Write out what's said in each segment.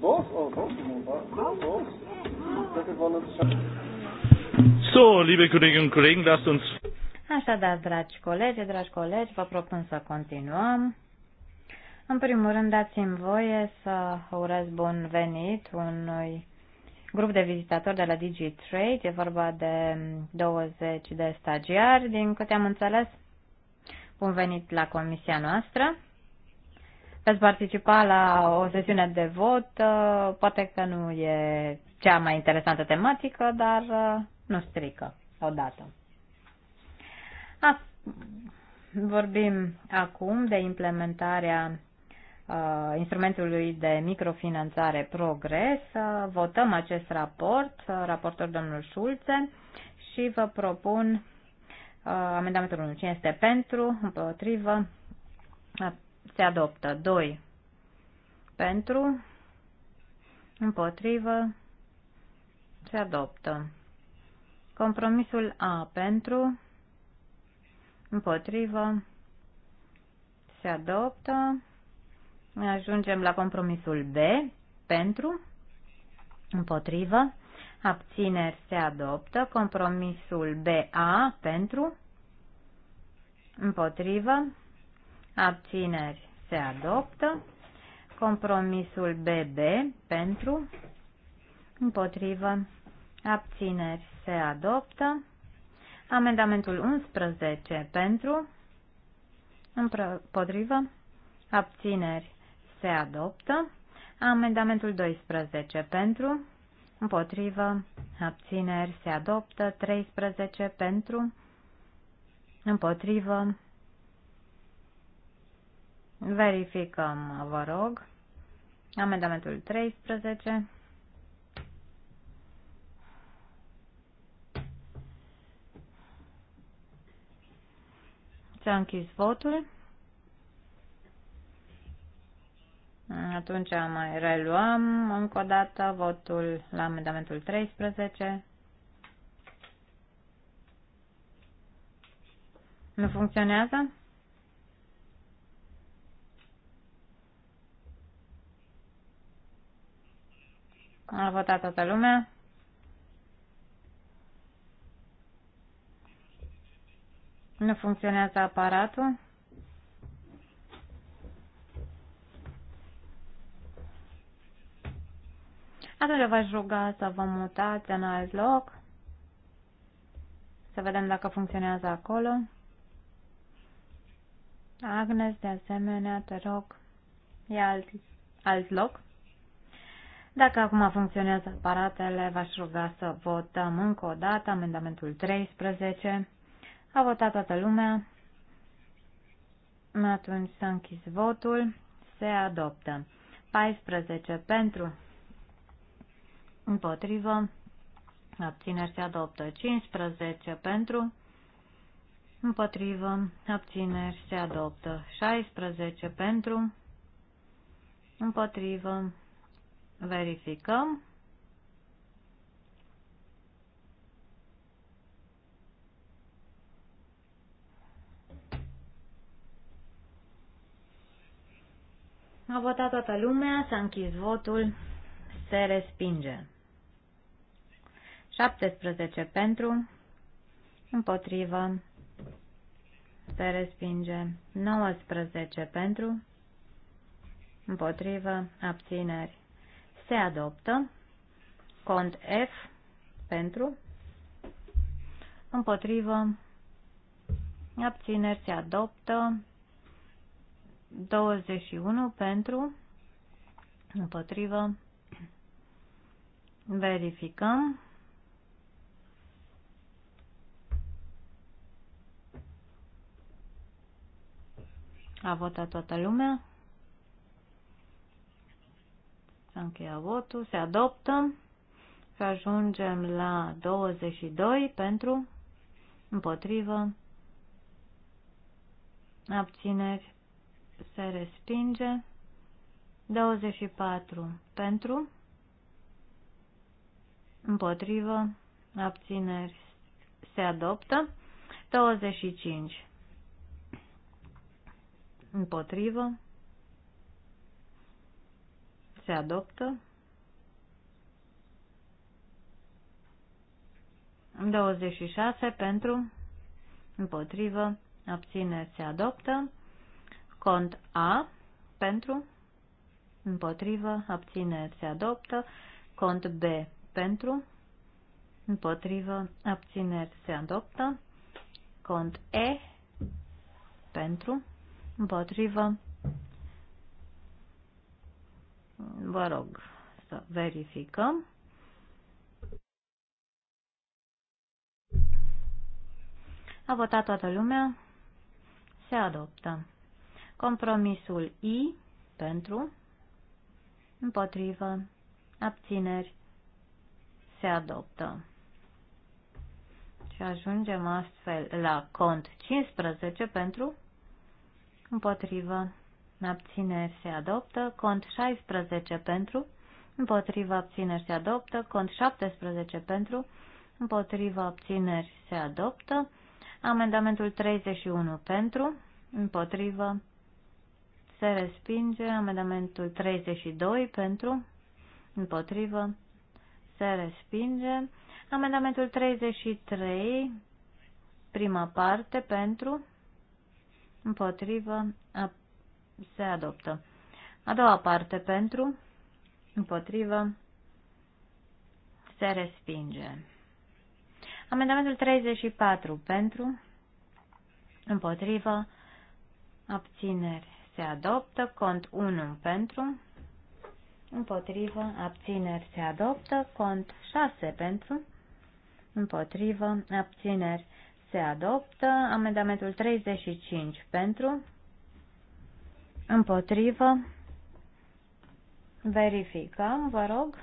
Both oh, and So, liebe Kolleginnen und Kollegen, lasst uns. Așadar, dragi colegi, dragi colegi, vă propun să continuăm. În primul rând, dați-mi voie să urez bun venit unui grup de vizitatori de la DigiTrade. E vorba de 20 de stagiari, din câte am înțeles. Bun venit la comisia noastră. Veți participa la o sesiune de vot. Uh, poate că nu e cea mai interesantă tematică, dar uh, nu strică odată. A, vorbim acum de implementarea uh, instrumentului de microfinanțare Progres. votăm acest raport, raportor domnul Șulțe, și vă propun Uh, amendamentul 1. Cine este pentru? Împotrivă. Se adoptă. 2. Pentru. Împotrivă. Se adoptă. Compromisul A. Pentru. Împotrivă. Se adoptă. Ajungem la compromisul B. Pentru. Împotrivă abțineri se adoptă. Compromisul BA pentru, împotrivă, abțineri se adoptă. Compromisul BB pentru, împotrivă, abțineri se adoptă. Amendamentul 11 pentru, împotrivă, abțineri se adoptă. Amendamentul 12 pentru, împotrivă, abțineri se adoptă, 13 pentru, împotrivă, verificăm, vă rog, amendamentul 13, S-a închis votul. Atunci mai reluăm încă o dată votul la amendamentul 13. Nu funcționează? A votat toată lumea. Nu funcționează aparatul. atunci v-aș ruga să vă mutați în alt loc, să vedem dacă funcționează acolo. Agnes, de asemenea, te rog, e alt, alt loc. Dacă acum funcționează aparatele, v-aș ruga să votăm încă o dată amendamentul 13. A votat toată lumea. Atunci s-a închis votul. Se adoptă. 14 pentru, împotrivă, abțineri se adoptă. 15 pentru, împotrivă, abțineri se adoptă. 16 pentru, împotrivă, verificăm. A votat toată lumea, s-a închis votul, se respinge. 17 pentru, împotrivă, se respinge. 19 pentru, împotrivă, abțineri. Se adoptă. Cont F pentru, împotrivă, abțineri. Se adoptă. 21 pentru, împotrivă, verificăm. A votat toată lumea. S-a încheiat votul. Se adoptă. Și ajungem la 22 pentru, împotrivă, abțineri, se respinge. 24 pentru, împotrivă, abțineri, se adoptă. 25 Împotrivă. Se adoptă. 26 pentru. Împotrivă. obține, Se adoptă. Cont A pentru. Împotrivă. obține, Se adoptă. Cont B pentru. Împotrivă. Abțineri se adoptă. Cont E pentru. Împotrivă. Vă rog să verificăm. A votat toată lumea. Se adoptă. Compromisul I pentru, împotrivă, abțineri, se adoptă. Și ajungem astfel la cont 15 pentru împotrivă, abțineri se adoptă, cont 16 pentru, împotrivă, abțineri se adoptă, cont 17 pentru, împotrivă, abțineri se adoptă, amendamentul 31 pentru, împotrivă, se respinge, amendamentul 32 pentru, împotrivă, se respinge, amendamentul 33, prima parte pentru, împotrivă, se adoptă. A doua parte pentru, împotrivă, se respinge. Amendamentul 34 pentru, împotrivă, abțineri se adoptă, cont 1 pentru, împotrivă, abțineri se adoptă, cont 6 pentru, împotrivă, abțineri se adoptă. Amendamentul 35 pentru, împotrivă, verificăm, vă rog.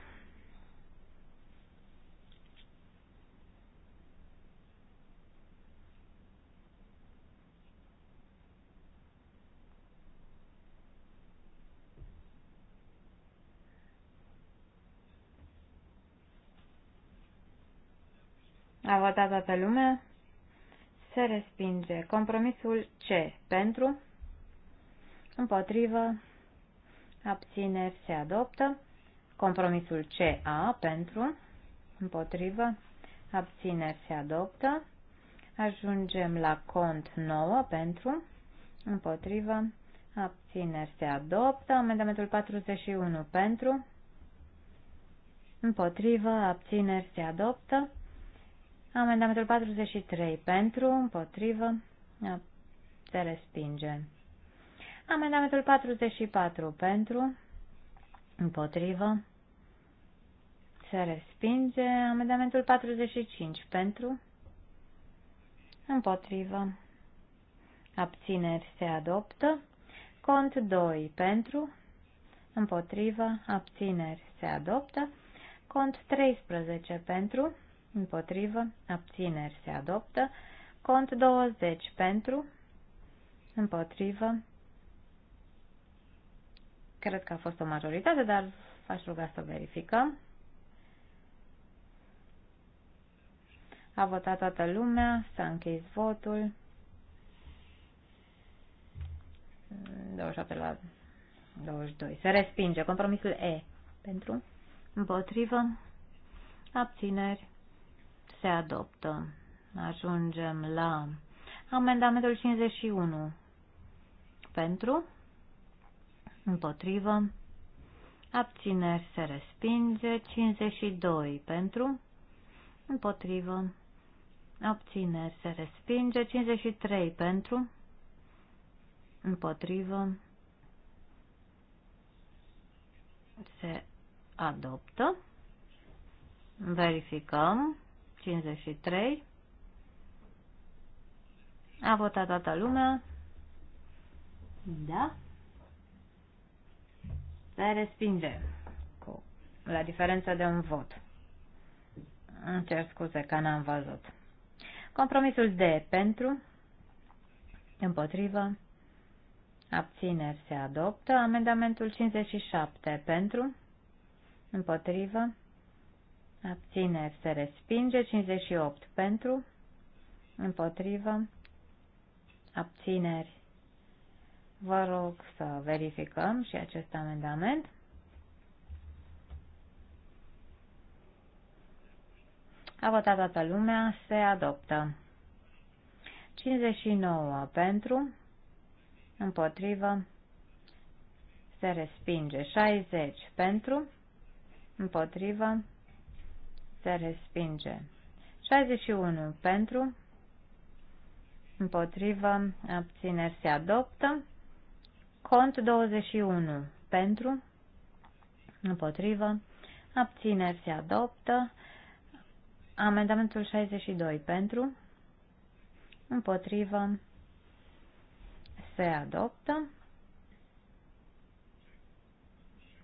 A votat toată lumea? se respinge. Compromisul C pentru, împotrivă, abțineri se adoptă. Compromisul CA pentru, împotrivă, abțineri se adoptă. Ajungem la cont 9 pentru, împotrivă, abțineri se adoptă. Amendamentul 41 pentru, împotrivă, abțineri se adoptă. Amendamentul 43 pentru, împotrivă, se respinge. Amendamentul 44 pentru, împotrivă, se respinge. Amendamentul 45 pentru, împotrivă, abțineri se adoptă. Cont 2 pentru, împotrivă, abțineri se adoptă. Cont 13 pentru, împotrivă, abțineri se adoptă, cont 20 pentru, împotrivă, cred că a fost o majoritate, dar aș ruga să verificăm. A votat toată lumea, s-a închis votul. 27 la 22. Se respinge. Compromisul E. Pentru? Împotrivă. Abțineri se adoptă. Ajungem la amendamentul 51. Pentru, împotrivă, abțineri se respinge, 52 pentru, împotrivă, abțineri se respinge, 53 pentru, împotrivă, se adoptă. Verificăm. 53. A votat toată lumea. Da. Se respinge cu, la diferență de un vot. Îmi cer scuze că n-am văzut. Compromisul D pentru, împotrivă, abțineri se adoptă. Amendamentul 57 pentru, împotrivă, abțineri se respinge, 58 pentru, împotrivă, abțineri. Vă rog să verificăm și acest amendament. A votat toată lumea, se adoptă. 59 pentru, împotrivă, se respinge. 60 pentru, împotrivă, se respinge. 61 pentru, împotrivă, abțineri se adoptă. Cont 21 pentru, împotrivă, abțineri se adoptă. Amendamentul 62 pentru, împotrivă, se adoptă.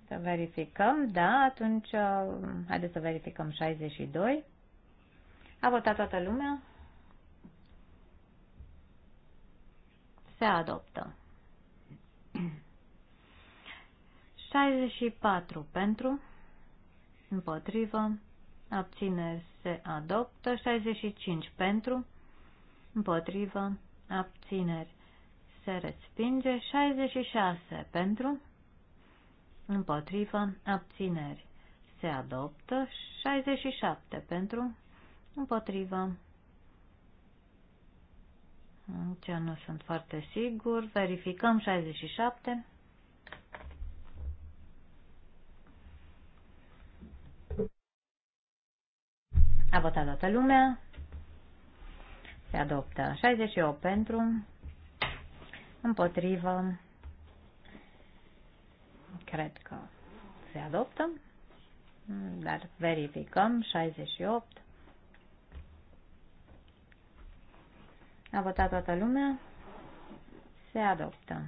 Să verificăm, da, atunci uh, haideți să verificăm 62. A votat toată lumea? Se adoptă. 64 pentru, împotrivă, abține, se adoptă, 65 pentru, împotrivă, abțineri se respinge, 66 pentru, împotrivă, abțineri se adoptă, 67 pentru, împotrivă. Ce nu sunt foarte sigur, verificăm 67. A votat toată lumea. Se adoptă 68 pentru, împotrivă, Cred că se adoptă, dar verificăm. 68. A votat toată lumea. Se adoptă.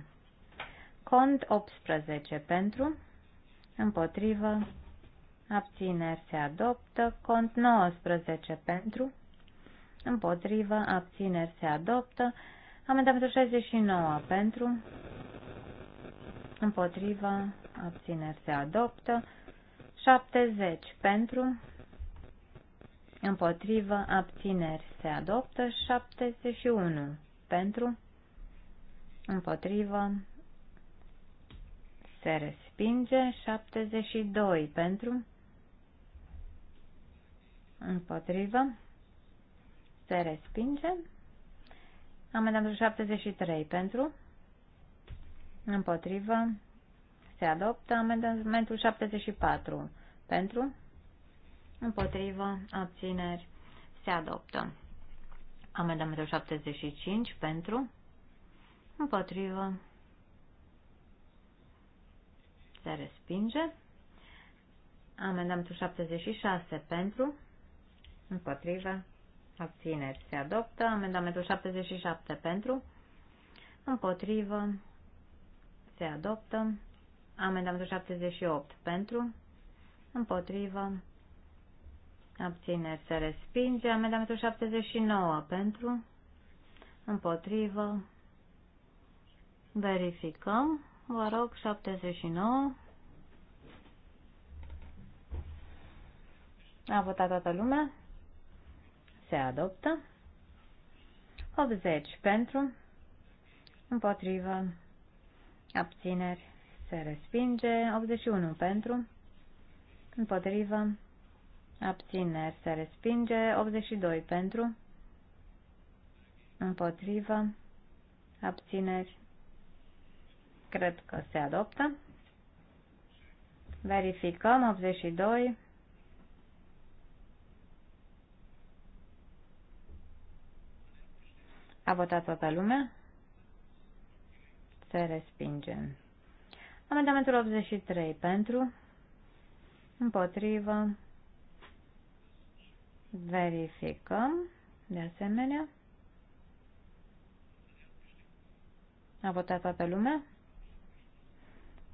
Cont 18 pentru, împotrivă, abțineri se adoptă. Cont 19 pentru, împotrivă, abțineri se adoptă. Amendamentul 69 pentru, împotrivă, abțineri se adoptă. 70 pentru, împotrivă, abțineri se adoptă. 71 pentru, împotrivă, se respinge. 72 pentru, împotrivă, se respinge. Amendamentul 73 pentru, împotrivă, se adoptă amendamentul 74. Pentru? Împotrivă. Abțineri. Se adoptă. Amendamentul 75. Pentru? Împotrivă. Se respinge. Amendamentul 76. Pentru? Împotrivă. Abțineri. Se adoptă. Amendamentul 77. Pentru? Împotrivă. Se adoptă. Amendamentul 78 pentru, împotrivă, abțineri se respinge. Amendamentul 79 pentru, împotrivă, verificăm. Vă rog, 79. A votat toată lumea. Se adoptă. 80 pentru, împotrivă, abțineri se respinge. 81 pentru, împotrivă, abțineri, se respinge. 82 pentru, împotrivă, abțineri, cred că se adoptă. Verificăm 82. A votat toată lumea? Se respinge. Amendamentul 83 pentru, împotrivă, verificăm, de asemenea. A votat toată lumea?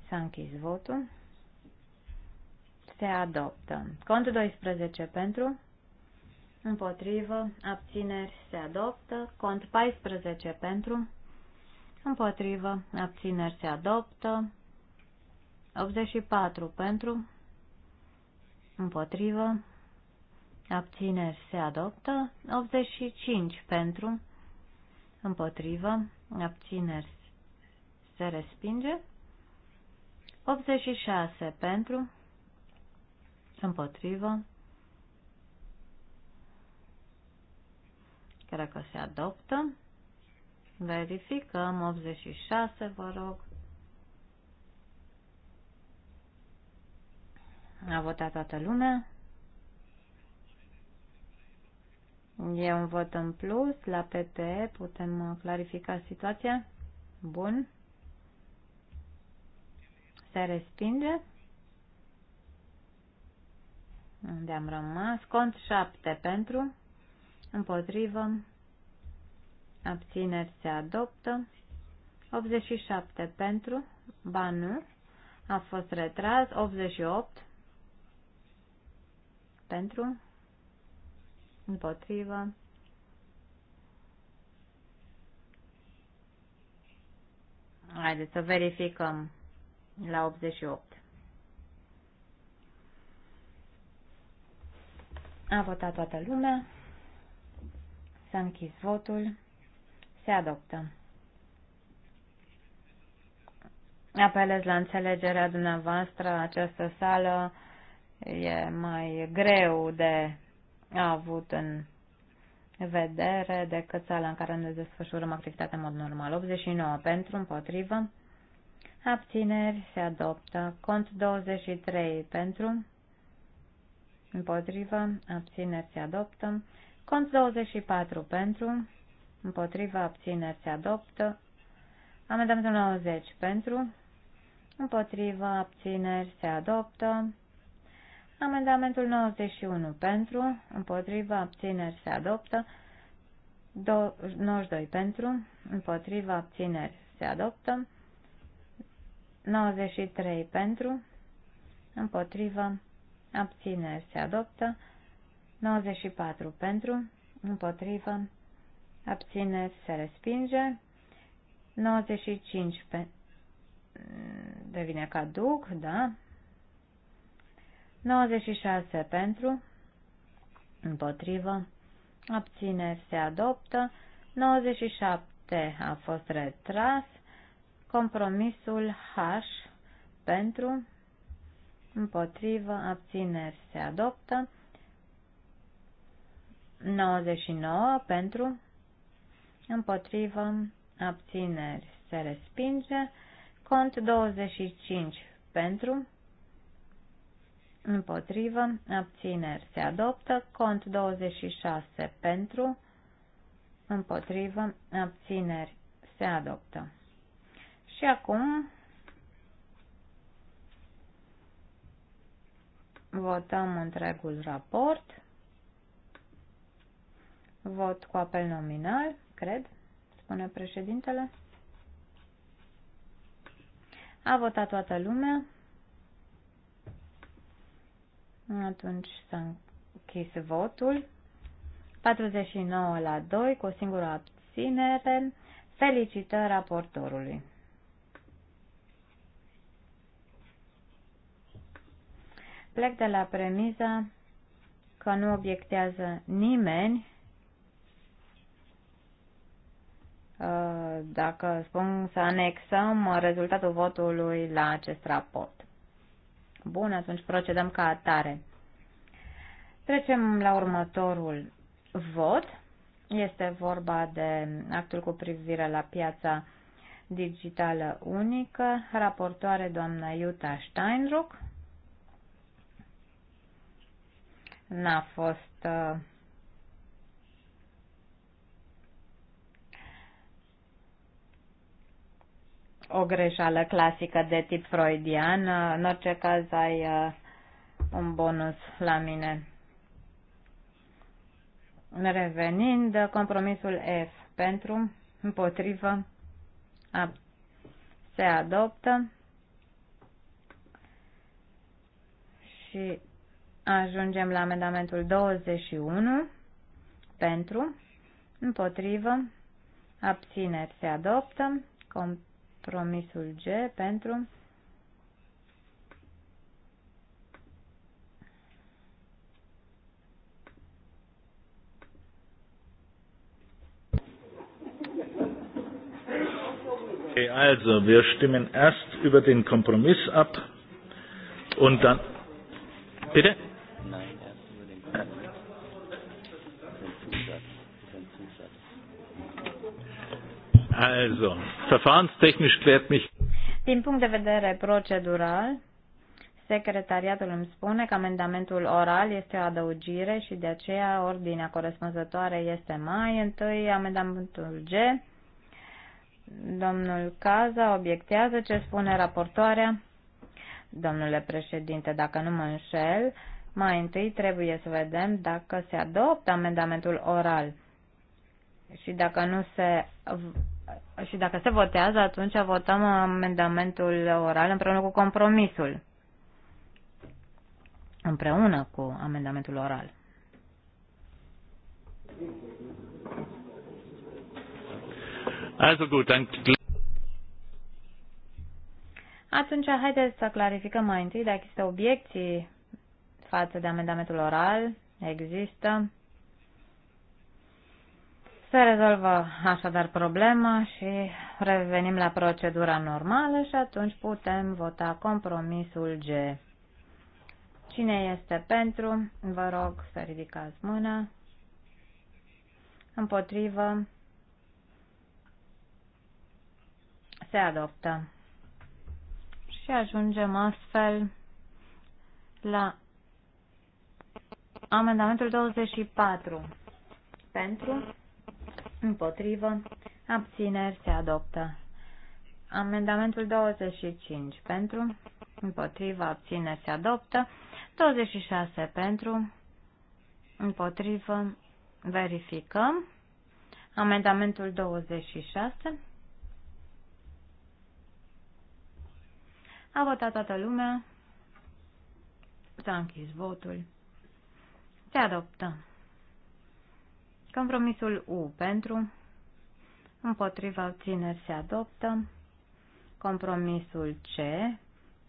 S-a închis votul. Se adoptă. Cont 12 pentru, împotrivă, abțineri, se adoptă. Cont 14 pentru, împotrivă, abțineri, se adoptă. 84 pentru, împotrivă, abțineri se adoptă, 85 pentru, împotrivă, abțineri se respinge, 86 pentru, împotrivă, cred că se adoptă, verificăm 86, vă rog, A votat toată lumea. E un vot în plus la PPE. Putem uh, clarifica situația? Bun. Se respinge. Unde am rămas? Cont 7 pentru. Împotrivă. Abțineri se adoptă. 87 pentru. Ba nu. A fost retras. 88 pentru, împotrivă, Haideți să verificăm la 88. A votat toată lumea. S-a închis votul. Se adoptă. Apelez la înțelegerea dumneavoastră. Această sală e mai greu de avut în vedere decât sala în care ne desfășurăm activitatea în mod normal. 89 pentru, împotrivă. Abțineri se adoptă. Cont 23 pentru, împotrivă. Abțineri se adoptă. Cont 24 pentru, împotrivă. Abțineri se adoptă. Amendamentul 90 pentru, împotrivă. Abțineri se adoptă. Amendamentul 91 pentru, împotriva, abțineri se adoptă. 92 pentru, împotriva, abțineri se adoptă. 93 pentru, împotriva, abțineri se adoptă. 94 pentru, împotriva, abțineri se respinge. 95 pe, devine caduc, da, 96 pentru, împotrivă, abțineri se adoptă, 97 a fost retras, compromisul H pentru, împotrivă, abțineri se adoptă, 99 pentru, împotrivă, abțineri se respinge, cont 25 pentru, împotrivă, abțineri se adoptă, cont 26 pentru, împotrivă, abțineri se adoptă. Și acum votăm întregul raport, vot cu apel nominal, cred, spune președintele. A votat toată lumea. Atunci să a închis votul. 49 la 2 cu o singură abținere. Felicitări raportorului. Plec de la premiza că nu obiectează nimeni ă, dacă spun să anexăm rezultatul votului la acest raport. Bun, atunci procedăm ca atare. Trecem la următorul vot. Este vorba de actul cu privire la piața digitală unică, raportoare doamna Iuta Steinruck. N-a fost uh, o greșeală clasică de tip freudian. În orice caz ai uh, un bonus la mine. Revenind, compromisul F pentru, împotrivă, a, se adoptă și ajungem la amendamentul 21 pentru, împotrivă, abțineri se adoptă, com promisul G pentru Okay, also wir stimmen erst über den Kompromiss ab und dann bitte Nein. Also, verfahrenstechnisch klärt mich. Din punct de vedere procedural, secretariatul îmi spune că amendamentul oral este o adăugire și de aceea ordinea corespunzătoare este mai întâi amendamentul G. Domnul Caza obiectează ce spune raportoarea. Domnule președinte, dacă nu mă înșel, mai întâi trebuie să vedem dacă se adoptă amendamentul oral și dacă nu se și dacă se votează, atunci votăm amendamentul oral împreună cu compromisul. Împreună cu amendamentul oral. Also gut, dann... Atunci, haideți să clarificăm mai întâi dacă există obiecții față de amendamentul oral. Există. Se rezolvă așadar problema și revenim la procedura normală și atunci putem vota compromisul G. Cine este pentru? Vă rog să ridicați mâna. Împotrivă. Se adoptă. Și ajungem astfel la amendamentul 24. Pentru Împotrivă. Abțineri se adoptă. Amendamentul 25 pentru. Împotrivă. Abțineri se adoptă. 26 pentru. Împotrivă. Verificăm. Amendamentul 26. A votat toată lumea. S-a închis votul. Se adoptă. Compromisul U pentru, împotriva obțineri se adoptă. Compromisul C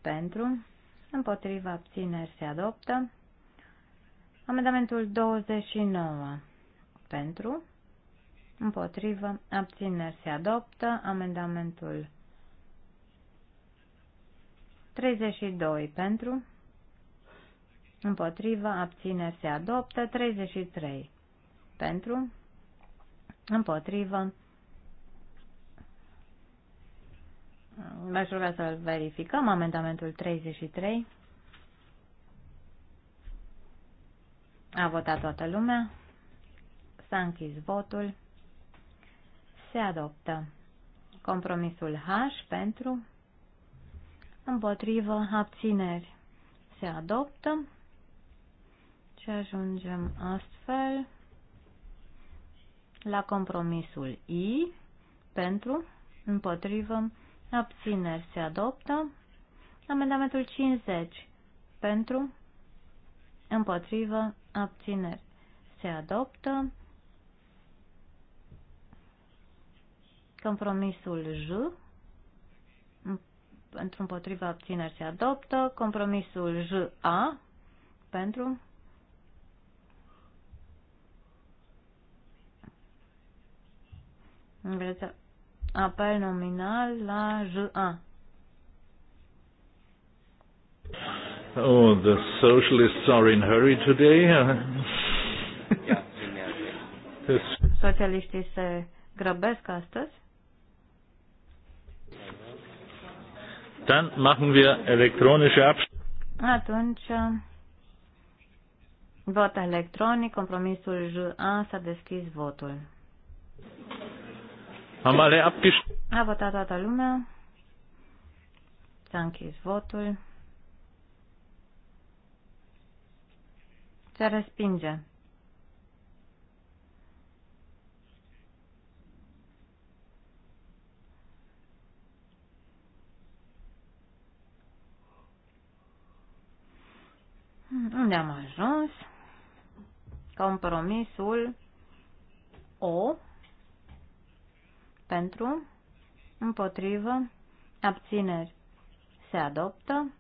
pentru, împotriva obțineri se adoptă. Amendamentul 29 pentru, împotriva abțineri se adoptă. Amendamentul 32 pentru, împotriva abțineri se adoptă. 33 pentru, împotrivă. V-aș ruga să-l verificăm, amendamentul 33. A votat toată lumea. S-a închis votul. Se adoptă. Compromisul H pentru împotrivă abțineri. Se adoptă și ajungem astfel la compromisul I pentru, împotrivă, abțineri se adoptă. Amendamentul 50 pentru, împotrivă, abțineri se adoptă. Compromisul J pentru împotriva abțineri se adoptă. Compromisul JA pentru Vreți apel nominal la JA. Oh, the socialists are in hurry today. Socialiștii se grăbesc astăzi. Dann machen wir elektronische Abstimmung. Atunci, vot electronic, compromisul JA s-a deschis votul. Am ales abgestimmt. A votat toată lumea. S-a închis votul. Se respinge. Unde am ajuns? Compromisul O pentru, împotrivă, abțineri se adoptă.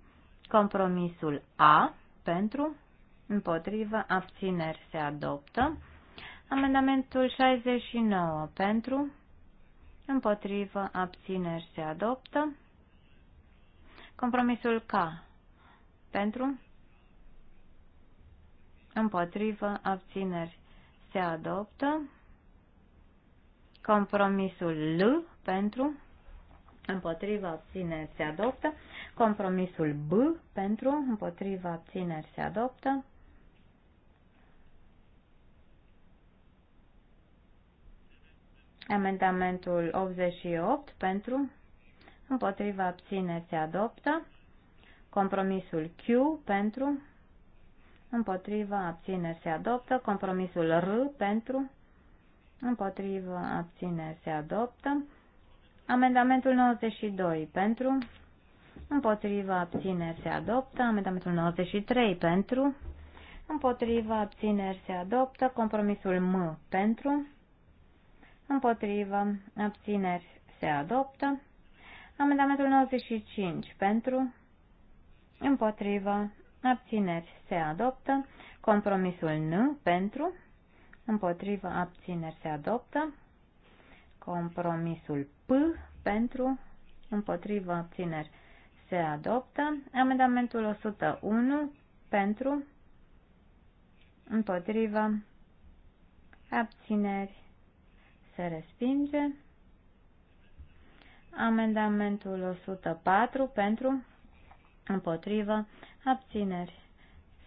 Compromisul A pentru, împotrivă, abțineri se adoptă. Amendamentul 69 pentru, împotrivă, abțineri se adoptă. Compromisul K pentru, împotrivă, abțineri se adoptă. Compromisul L pentru, împotriva abțineri se adoptă. Compromisul B pentru, împotriva abțineri se adoptă. Amendamentul 88 pentru, împotriva abțineri se adoptă. Compromisul Q pentru, împotriva abțineri se adoptă. Compromisul R pentru, Împotrivă, abține, se adoptă. Amendamentul 92 pentru. Împotrivă, abțineri, se adoptă. Amendamentul 93 pentru. Împotrivă, abțineri, se adoptă. Compromisul M pentru. Împotrivă, abțineri, se adoptă. Amendamentul 95 pentru. Împotrivă, abțineri, se adoptă. Compromisul N pentru împotrivă, abțineri se adoptă. Compromisul P pentru, împotrivă, abțineri se adoptă. Amendamentul 101 pentru, împotrivă, abțineri se respinge. Amendamentul 104 pentru, împotrivă, abțineri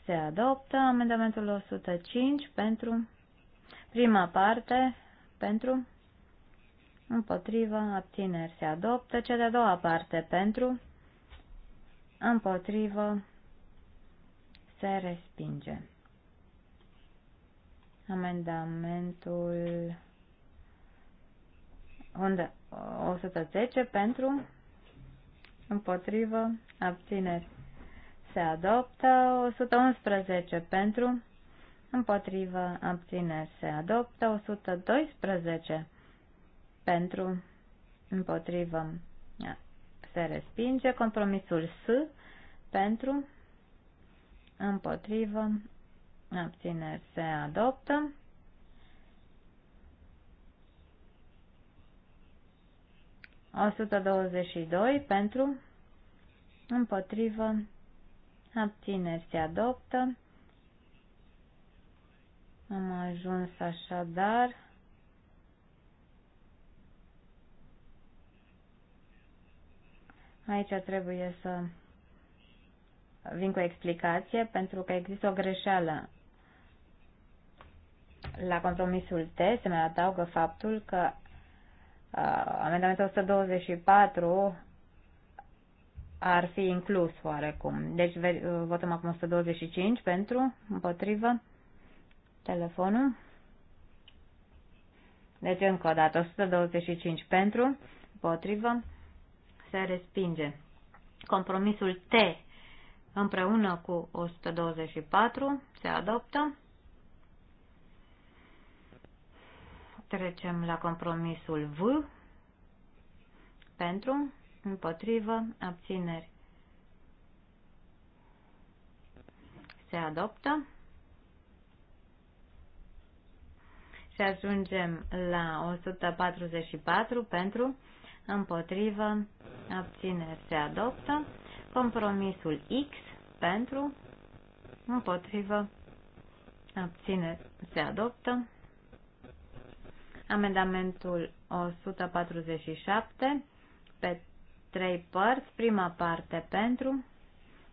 se adoptă. Amendamentul 105 pentru, Prima parte, pentru, împotriva abțineri se adoptă. Cea de-a doua parte, pentru, împotrivă, se respinge. Amendamentul unde 110 pentru, împotrivă, abțineri. Se adoptă 111 pentru, împotrivă, abțineri se adoptă, 112 pentru, împotrivă, se respinge, compromisul S pentru, împotrivă, abțineri se adoptă, O 122 pentru, împotrivă, abțineri se adoptă, am ajuns așadar Aici trebuie să vin cu o explicație pentru că există o greșeală la compromisul T se mai adaugă faptul că uh, amendamentul 124 ar fi inclus oarecum. Deci votăm acum 125 pentru, împotrivă, telefonul. Deci încă o dată 125 pentru, potrivă, se respinge. Compromisul T împreună cu 124 se adoptă. Trecem la compromisul V pentru, împotrivă, abțineri. Se adoptă. și ajungem la 144 pentru, împotrivă, abțineri se adoptă, compromisul X pentru, împotrivă, abțineri se adoptă, amendamentul 147 pe trei părți, prima parte pentru,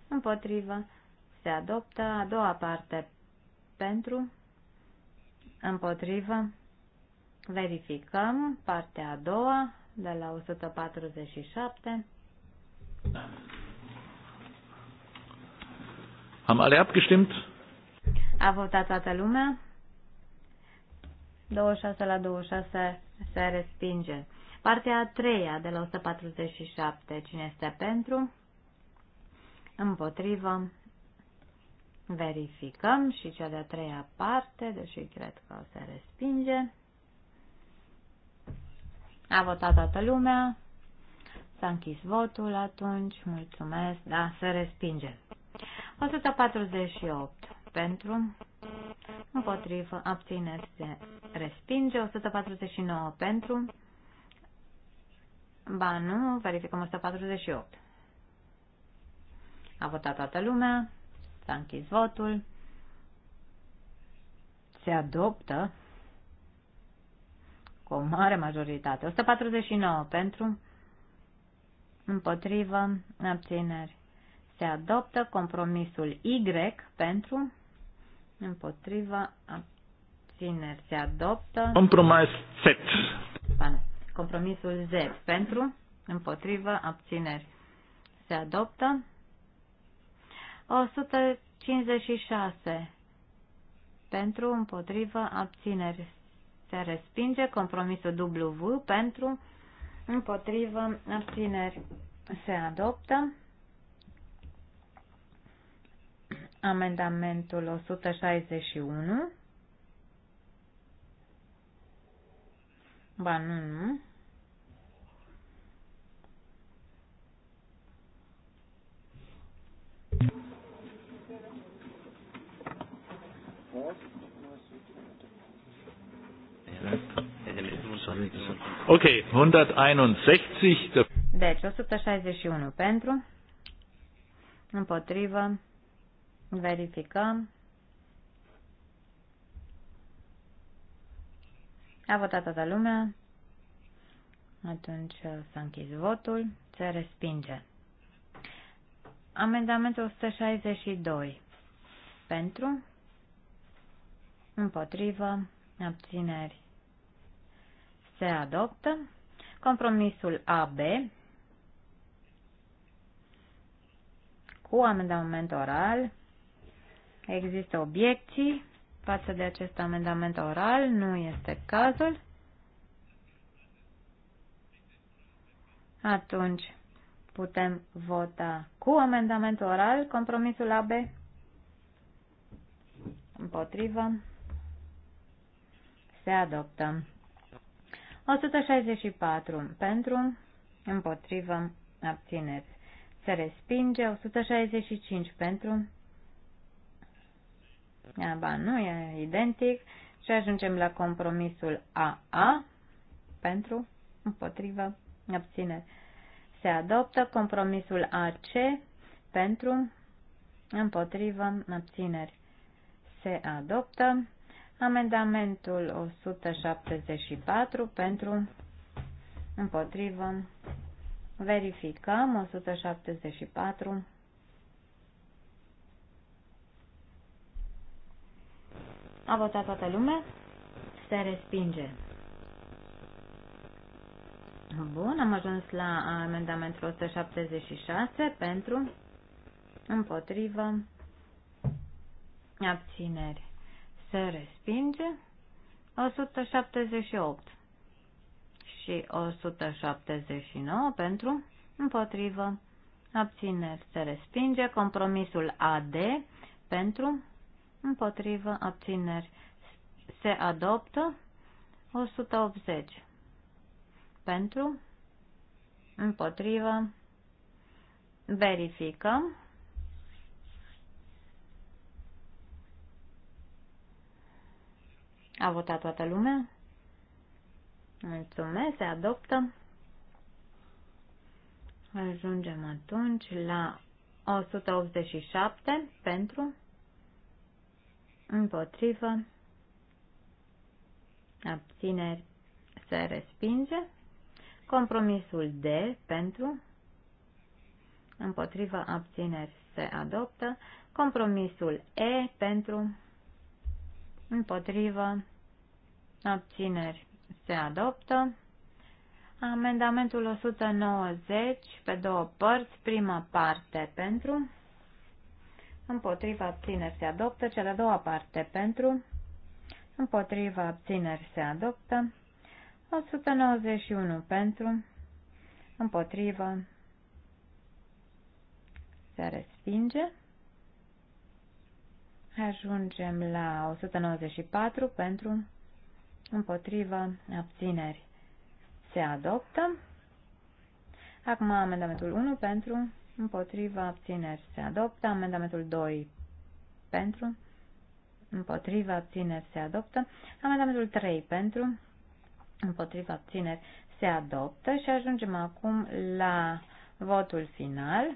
împotrivă, se adoptă, a doua parte pentru, împotrivă, verificăm partea a doua de la 147. Am alle abgestimmt? A votat toată lumea. 26 la 26 se respinge. Partea a treia de la 147. Cine este pentru? Împotrivă. Verificăm și cea de-a treia parte, deși cred că o se respinge. A votat toată lumea. S-a închis votul atunci. Mulțumesc. Da, se respinge. 148 pentru, împotrivă, abțineri se respinge, 149 pentru, ba nu, verificăm 148. A votat toată lumea, S-a închis votul. Se adoptă cu o mare majoritate. 149 pentru, împotrivă, abțineri. Se adoptă compromisul Y pentru, împotrivă, abțineri. Se adoptă... Compromis Z. Compromisul Z pentru, împotrivă, abțineri. Se adoptă 156. Pentru, împotrivă, abțineri. Se respinge compromisul W pentru, împotrivă, abțineri. Se adoptă. Amendamentul 161. Ba nu, nu. Ok, 161. Deci, 161 pentru, împotrivă, verificăm. A votat toată lumea. Atunci uh, s-a închis votul. Se respinge. Amendamentul 162. Pentru, împotrivă, abțineri se adoptă. Compromisul AB cu amendament oral. Există obiecții față de acest amendament oral? Nu este cazul. Atunci putem vota cu amendament oral compromisul AB împotrivă se adoptă. 164 pentru, împotrivă, abțineți. Se respinge 165 pentru. A, ba, nu e identic. Și ajungem la compromisul AA pentru, împotrivă, abțineri. Se adoptă compromisul AC pentru, împotrivă, abțineri. Se adoptă Amendamentul 174 pentru împotrivă. Verificăm 174. A votat toată lumea? Se respinge. Bun, am ajuns la amendamentul 176 pentru împotrivă abțineri se respinge. 178 și 179 pentru, împotrivă, abțineri se respinge. Compromisul AD pentru, împotrivă, abțineri se adoptă. 180 pentru, împotrivă, verificăm. A votat toată lumea? Mulțumesc, se adoptă. Ajungem atunci la 187 pentru, împotrivă, abțineri, se respinge. Compromisul D pentru, împotrivă, abțineri, se adoptă. Compromisul E pentru, împotrivă, abțineri se adoptă. Amendamentul 190 pe două părți, prima parte pentru, împotriva abțineri se adoptă, cele două parte pentru, împotriva abțineri se adoptă, 191 pentru, împotrivă, se respinge, Ajungem la 194 pentru împotrivă abțineri. Se adoptă. Acum amendamentul 1 pentru împotrivă abțineri. Se adoptă. Amendamentul 2 pentru împotrivă abțineri. Se adoptă. Amendamentul 3 pentru împotrivă abțineri. Se adoptă și ajungem acum la votul final.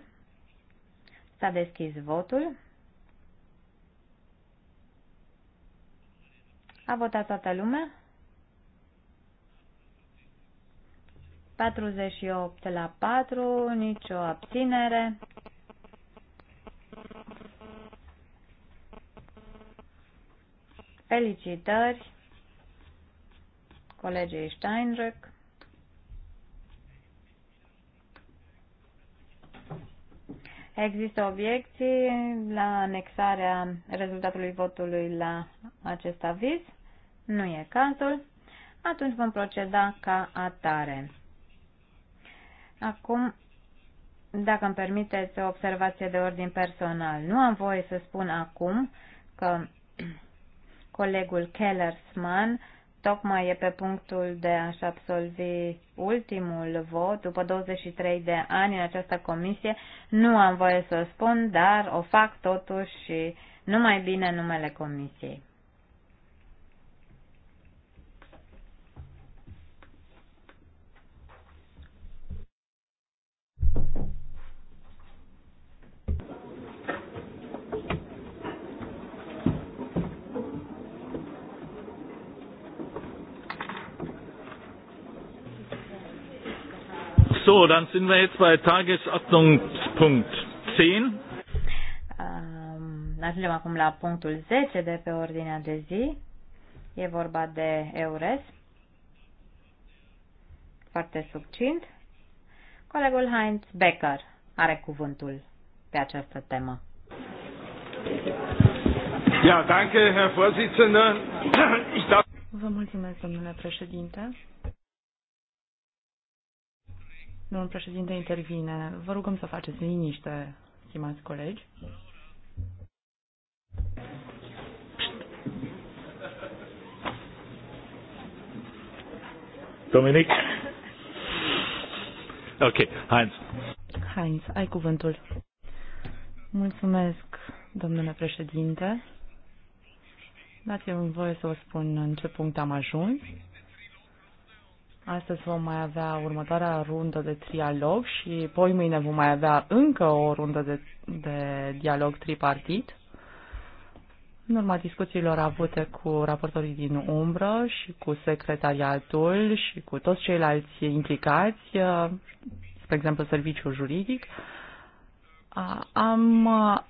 S-a deschis votul. A votat toată lumea? 48 la 4, nicio abținere. Felicitări colegii Steinrück. Există obiecții la anexarea rezultatului votului la acest aviz? Nu e cazul. Atunci vom proceda ca atare. Acum, dacă îmi permiteți o observație de ordin personal, nu am voie să spun acum că colegul Kellersman tocmai e pe punctul de a-și absolvi ultimul vot după 23 de ani în această comisie. Nu am voie să o spun, dar o fac totuși și numai bine numele comisiei. So, dann sind wir jetzt bei Tagesordnungspunkt 10. Ajungem acum la punctul 10 de pe ordinea de zi. E vorba de EURES. Foarte succint. Colegul Heinz Becker are cuvântul pe această temă. Ja, danke, Herr Vorsitzender. Ich darf... Vă mulțumesc, domnule președinte. Domnul președinte intervine. Vă rugăm să faceți liniște, stimați colegi. Dominic? Ok, Heinz. Heinz, ai cuvântul. Mulțumesc, domnule președinte. Dați-mi voie să vă spun în ce punct am ajuns. Astăzi vom mai avea următoarea rundă de trialog și poi mâine vom mai avea încă o rundă de, de dialog tripartit. În urma discuțiilor avute cu raportorii din umbră și cu secretariatul și cu toți ceilalți implicați, uh, spre exemplu serviciul juridic, am uh,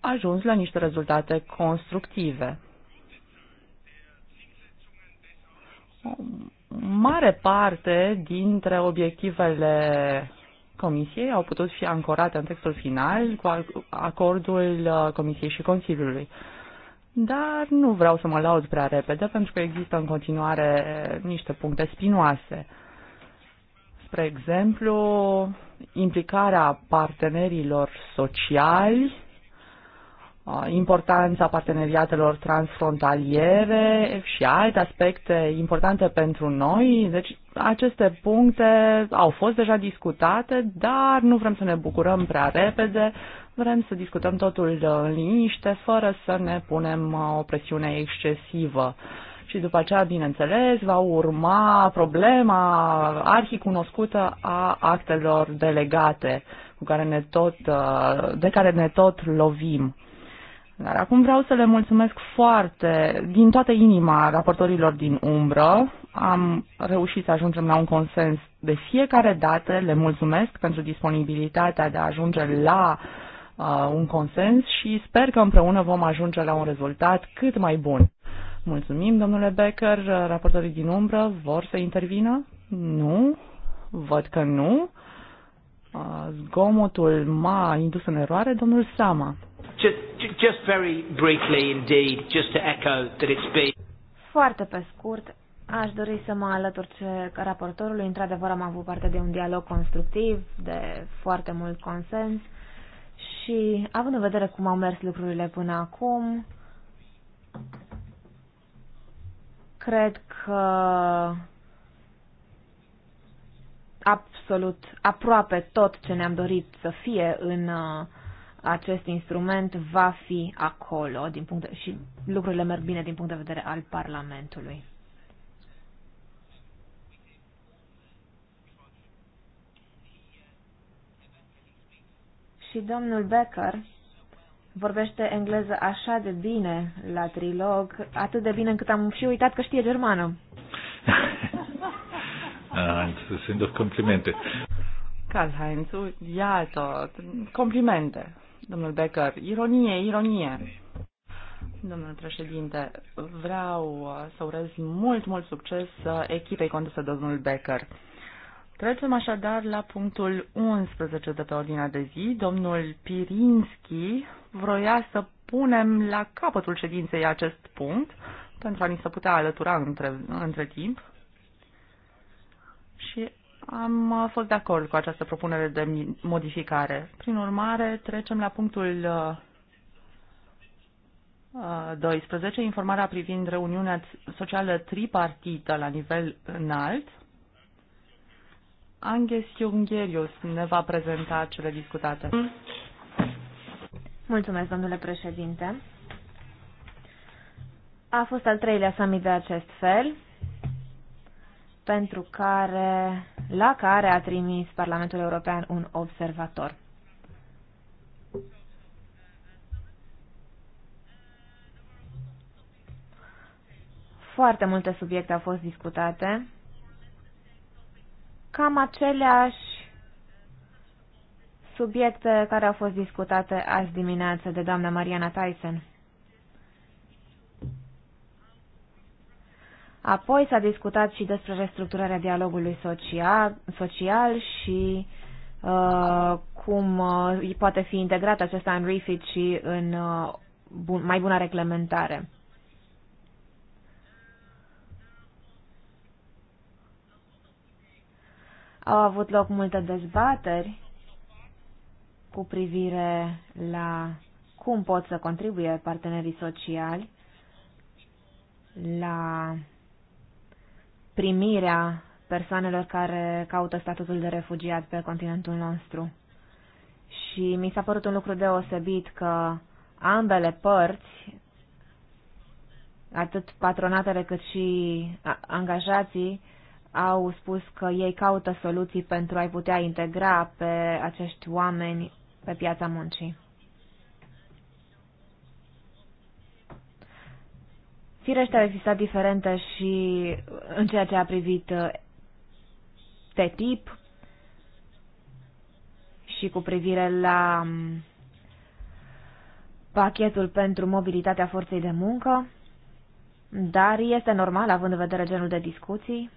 ajuns la niște rezultate constructive. mare parte dintre obiectivele Comisiei au putut fi ancorate în textul final cu acordul uh, Comisiei și Consiliului. Dar nu vreau să mă laud prea repede pentru că există în continuare niște puncte spinoase. Spre exemplu, implicarea partenerilor sociali importanța parteneriatelor transfrontaliere și alte aspecte importante pentru noi. Deci aceste puncte au fost deja discutate, dar nu vrem să ne bucurăm prea repede, vrem să discutăm totul uh, în liniște, fără să ne punem uh, o presiune excesivă. Și după aceea, bineînțeles, va urma problema arhicunoscută a actelor delegate cu care ne tot, uh, de care ne tot lovim. Dar acum vreau să le mulțumesc foarte, din toată inima, raportorilor din umbră. Am reușit să ajungem la un consens de fiecare dată. Le mulțumesc pentru disponibilitatea de a ajunge la uh, un consens și sper că împreună vom ajunge la un rezultat cât mai bun. Mulțumim, domnule Becker. Raportorii din umbră vor să intervină? Nu? Văd că nu zgomotul m-a indus în eroare, domnul Sama. Just, just very briefly indeed, just to echo that it's been... Foarte pe scurt, aș dori să mă alătur ce raportorului. Într-adevăr am avut parte de un dialog constructiv, de foarte mult consens și având în vedere cum au mers lucrurile până acum, cred că absolut aproape tot ce ne-am dorit să fie în uh, acest instrument va fi acolo din punct de, și lucrurile merg bine din punct de vedere al Parlamentului. Și domnul Becker vorbește engleză așa de bine la trilog, atât de bine încât am și uitat că știe germană. Heinz, das sind doch Komplimente. Karl-Heinz, iată, complimente. Domnul Becker, ironie, ironie. Domnul președinte, vreau uh, să urez mult, mult succes uh, echipei condusă de domnul Becker. Trecem așadar la punctul 11 de pe ordinea de zi. Domnul Pirinski vroia să punem la capătul ședinței acest punct pentru a ni se putea alătura între, între timp și am uh, fost de acord cu această propunere de modificare. Prin urmare, trecem la punctul 12, uh, uh, informarea privind reuniunea socială tripartită la nivel înalt. Anges Iungherius ne va prezenta cele discutate. Mulțumesc, domnule președinte. A fost al treilea summit de acest fel pentru care, la care a trimis Parlamentul European un observator. Foarte multe subiecte au fost discutate. Cam aceleași subiecte care au fost discutate azi dimineață de doamna Mariana Tyson. Apoi s-a discutat și despre restructurarea dialogului social, social și uh, cum uh, poate fi integrat acesta în refit și în uh, bun, mai bună reglementare. Au avut loc multe dezbateri cu privire la cum pot să contribuie partenerii sociali la primirea persoanelor care caută statutul de refugiat pe continentul nostru. Și mi s-a părut un lucru deosebit că ambele părți, atât patronatele cât și angajații, au spus că ei caută soluții pentru a-i putea integra pe acești oameni pe piața muncii. Firește au existat diferente și în ceea ce a privit uh, tip și cu privire la um, pachetul pentru mobilitatea forței de muncă, dar este normal, având în vedere genul de discuții,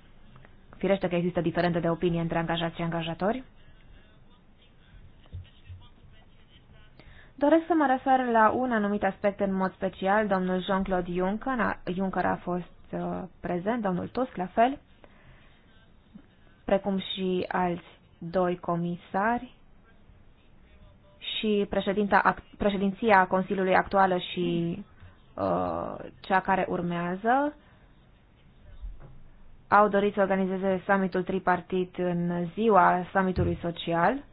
firește că există diferente de opinie între angajați și angajatori, Doresc să mă refer la un anumit aspect în mod special. Domnul Jean-Claude Juncker, Juncker a fost uh, prezent, domnul Tusk la fel, precum și alți doi comisari și președinta, președinția Consiliului actuală și uh, cea care urmează au dorit să organizeze summitul tripartit în ziua summitului social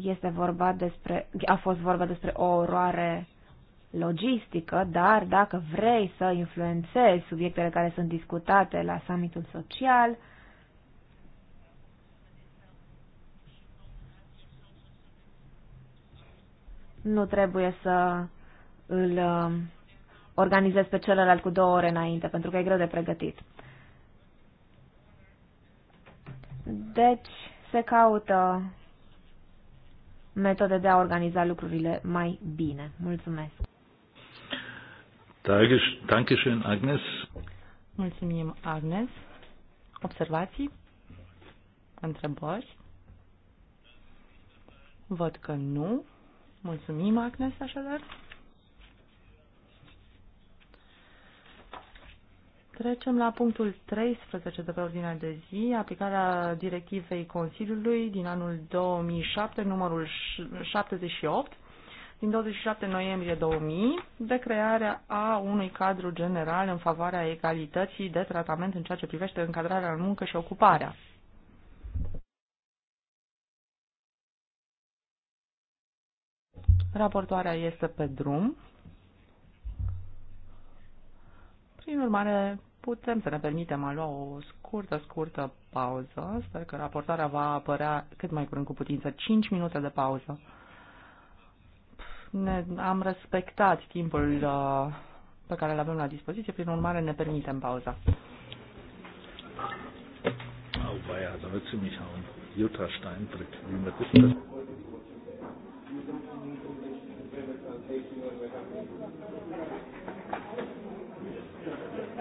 este vorba despre, a fost vorba despre o oroare logistică, dar dacă vrei să influențezi subiectele care sunt discutate la summitul social, nu trebuie să îl um, organizezi pe celălalt cu două ore înainte, pentru că e greu de pregătit. Deci, se caută metode de a organiza lucrurile mai bine. Mulțumesc! Dankeschön, Agnes. Mulțumim, Agnes. Observații? Întrebări? Văd că nu. Mulțumim, Agnes, așadar. Trecem la punctul 13 de pe ordinea de zi, aplicarea directivei Consiliului din anul 2007, numărul 78, din 27 noiembrie 2000, de crearea a unui cadru general în favoarea egalității de tratament în ceea ce privește încadrarea în muncă și ocuparea. Raportoarea este pe drum. Prin urmare, putem să ne permitem a lua o scurtă, scurtă pauză. Sper că raportarea va apărea cât mai curând cu putință. 5 minute de pauză. Ne, am respectat timpul uh, pe care îl avem la dispoziție, prin urmare ne permitem pauza. Au, baia, da wird sie mich Jutta Steinbrück, wie man Thank you.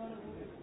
tomorrow.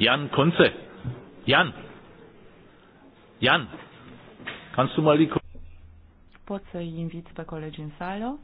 Jan Kunze. Jan. Jan. Kannst du mal die... Pot să-i invit pe colegi în sală?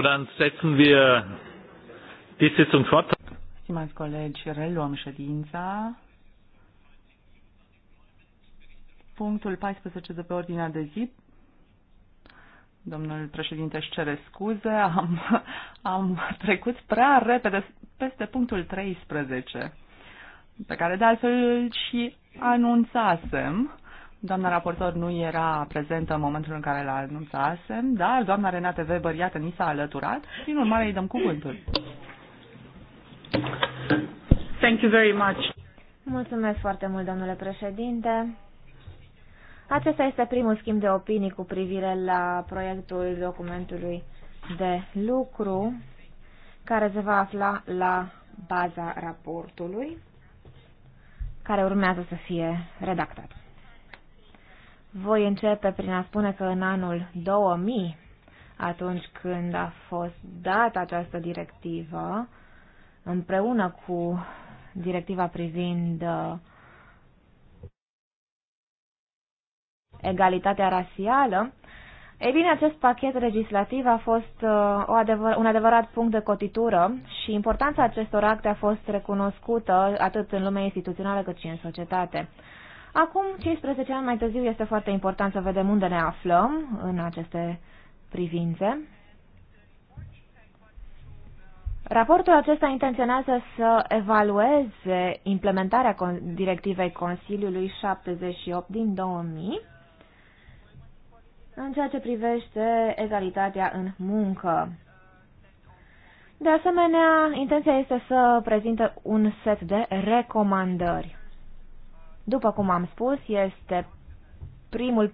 dann setzen wir die Sitzung fort. Stimați colegi, reluăm ședința. Punctul 14 de pe ordinea de zi. Domnul președinte își cere scuze, am, am trecut prea repede peste punctul 13, pe care de altfel și anunțasem. Doamna raportor nu era prezentă în momentul în care l-a anunțasem, dar doamna Renate Weber, iată, ni s-a alăturat. Prin urmare, îi dăm cuvântul. Thank you very much. Mulțumesc foarte mult, domnule președinte. Acesta este primul schimb de opinii cu privire la proiectul documentului de lucru care se va afla la baza raportului care urmează să fie redactat. Voi începe prin a spune că în anul 2000, atunci când a fost dată această directivă, împreună cu directiva privind uh, egalitatea rasială, ei bine, acest pachet legislativ a fost uh, o adevăr- un adevărat punct de cotitură și importanța acestor acte a fost recunoscută atât în lumea instituțională cât și în societate. Acum, 15 ani mai târziu, este foarte important să vedem unde ne aflăm în aceste privințe. Raportul acesta intenționează să evalueze implementarea directivei Consiliului 78 din 2000 în ceea ce privește egalitatea în muncă. De asemenea, intenția este să prezinte un set de recomandări. După cum am spus, este primul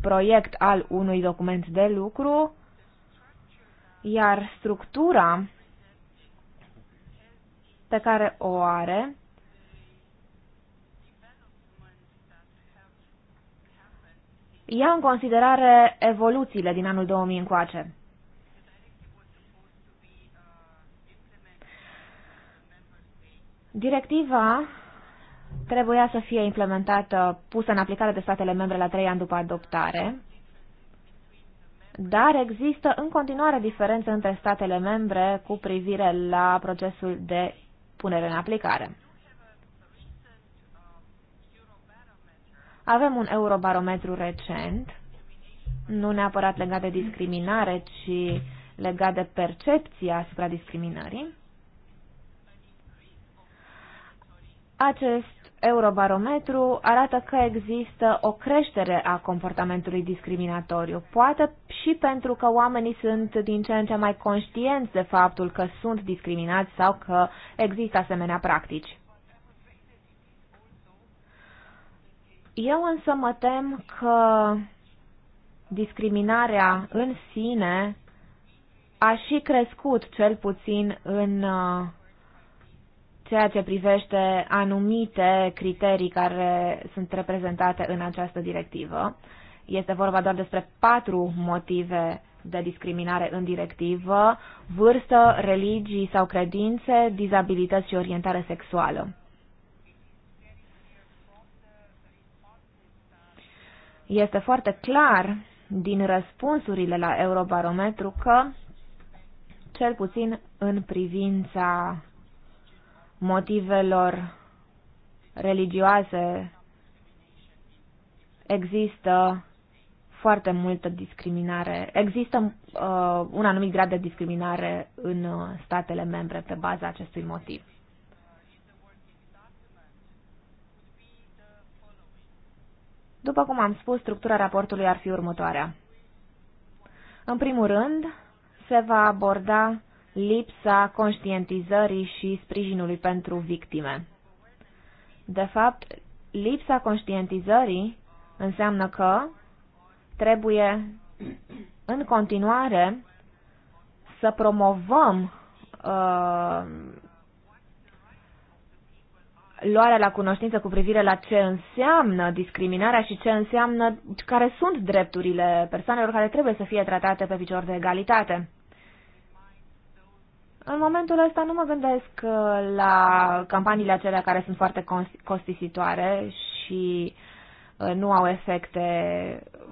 proiect al unui document de lucru, iar structura pe care o are ia în considerare evoluțiile din anul 2000 încoace. Directiva trebuia să fie implementată, pusă în aplicare de statele membre la trei ani după adoptare, dar există în continuare diferențe între statele membre cu privire la procesul de punere în aplicare. Avem un eurobarometru recent, nu neapărat legat de discriminare, ci legat de percepția asupra discriminării. Acest Eurobarometru arată că există o creștere a comportamentului discriminatoriu, poate și pentru că oamenii sunt din ce în ce mai conștienți de faptul că sunt discriminați sau că există asemenea practici. Eu însă mă tem că discriminarea în sine a și crescut cel puțin în uh, ceea ce privește anumite criterii care sunt reprezentate în această directivă. Este vorba doar despre patru motive de discriminare în directivă, vârstă, religii sau credințe, dizabilități și orientare sexuală. Este foarte clar din răspunsurile la Eurobarometru că, cel puțin în privința motivelor religioase există foarte multă discriminare. Există uh, un anumit grad de discriminare în uh, statele membre pe baza acestui motiv. După cum am spus, structura raportului ar fi următoarea. În primul rând, se va aborda lipsa conștientizării și sprijinului pentru victime. De fapt, lipsa conștientizării înseamnă că trebuie în continuare să promovăm uh, luarea la cunoștință cu privire la ce înseamnă discriminarea și ce înseamnă care sunt drepturile persoanelor care trebuie să fie tratate pe picior de egalitate. În momentul ăsta nu mă gândesc uh, la campaniile acelea care sunt foarte costisitoare și uh, nu au efecte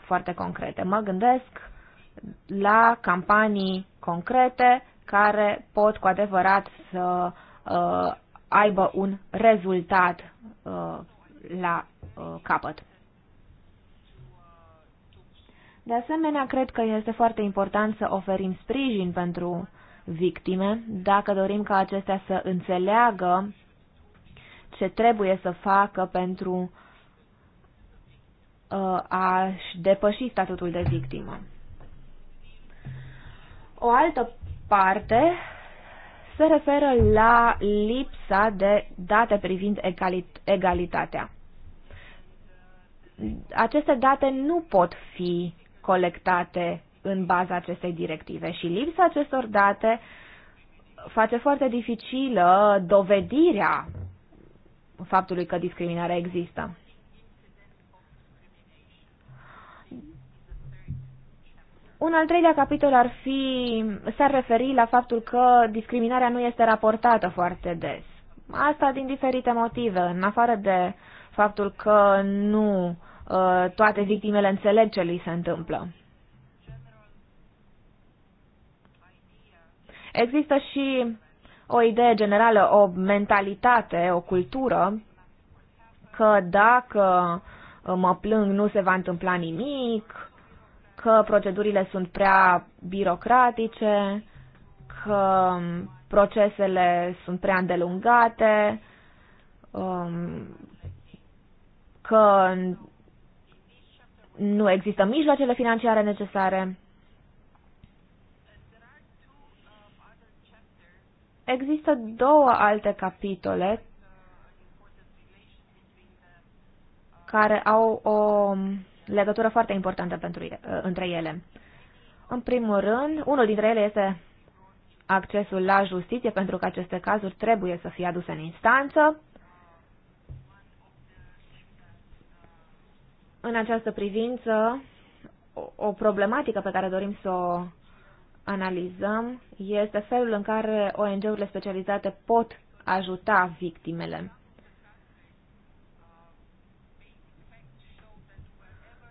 foarte concrete. Mă gândesc la campanii concrete care pot cu adevărat să uh, aibă un rezultat uh, la uh, capăt. De asemenea, cred că este foarte important să oferim sprijin pentru uh, victime, dacă dorim ca acestea să înțeleagă ce trebuie să facă pentru uh, a-și depăși statutul de victimă. O altă parte se referă la lipsa de date privind egalit egalitatea. Aceste date nu pot fi colectate în baza acestei directive și lipsa acestor date face foarte dificilă dovedirea faptului că discriminarea există. Un al treilea capitol ar fi, s-ar referi la faptul că discriminarea nu este raportată foarte des. Asta din diferite motive, în afară de faptul că nu uh, toate victimele înțeleg ce li se întâmplă. Există și o idee generală, o mentalitate, o cultură că dacă uh, mă plâng nu se va întâmpla nimic, că procedurile sunt prea birocratice, că um, procesele sunt prea îndelungate, um, că nu există mijloacele financiare necesare. Există două alte capitole care au o legătură foarte importantă pentru, între ele. În primul rând, unul dintre ele este accesul la justiție, pentru că aceste cazuri trebuie să fie aduse în instanță. În această privință, o, problematică pe care dorim să o analizăm este felul în care ONG-urile specializate pot ajuta victimele.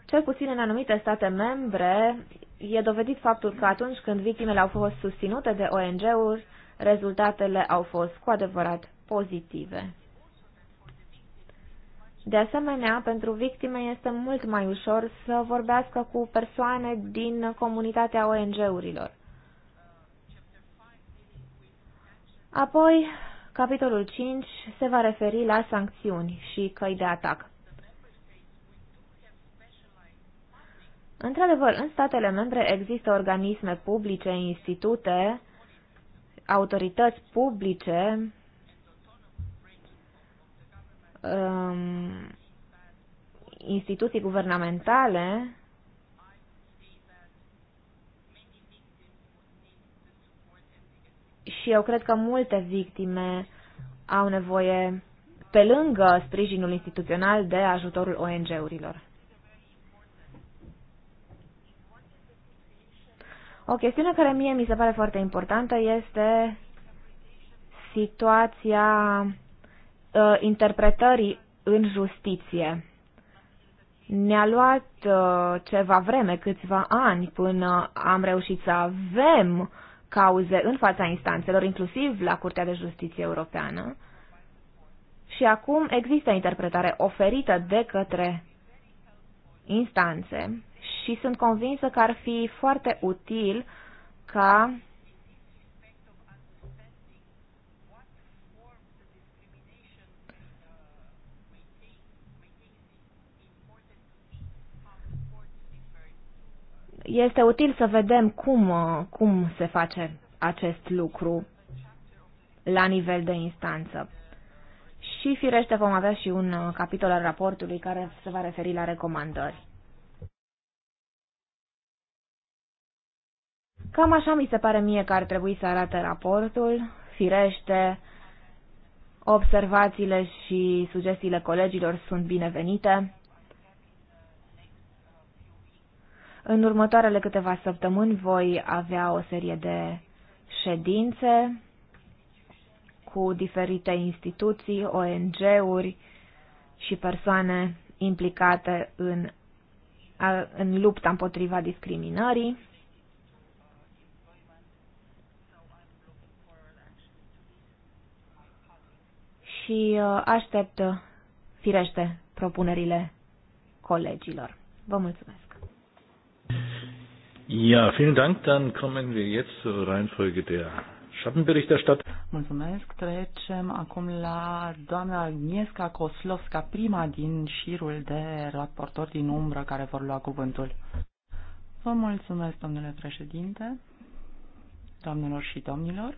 Cel puțin în anumite state membre, e dovedit faptul că atunci când victimele au fost susținute de ONG-uri, rezultatele au fost cu adevărat pozitive. De asemenea, pentru victime este mult mai ușor să vorbească cu persoane din comunitatea ONG-urilor. Apoi, capitolul 5 se va referi la sancțiuni și căi de atac. Într-adevăr, în statele membre există organisme publice, institute, autorități publice um, instituții guvernamentale și eu cred că multe victime au nevoie, pe lângă sprijinul instituțional, de ajutorul ONG-urilor. O chestiune care mie mi se pare foarte importantă este situația uh, interpretării în justiție. Ne-a luat uh, ceva vreme, câțiva ani, până am reușit să avem cauze în fața instanțelor, inclusiv la Curtea de Justiție Europeană. Și acum există interpretare oferită de către instanțe și sunt convinsă că ar fi foarte util ca este util să vedem cum, uh, cum se face acest lucru la nivel de instanță. Și firește vom avea și un uh, capitol al raportului care se va referi la recomandări. Cam așa mi se pare mie că ar trebui să arate raportul. Firește, observațiile și sugestiile colegilor sunt binevenite. În următoarele câteva săptămâni voi avea o serie de ședințe cu diferite instituții, ONG-uri și persoane implicate în, în lupta împotriva discriminării. Și uh, aștept, uh, firește, propunerile colegilor. Vă mulțumesc! Ja, vielen Dank. Dann kommen wir jetzt zur Reihenfolge der Schattenberichterstatter. Mulțumesc. Trecem acum la doamna Agnieszka Koslowska, prima din șirul de raportori din umbră care vor lua cuvântul. Vă mulțumesc, domnule președinte, doamnelor și domnilor.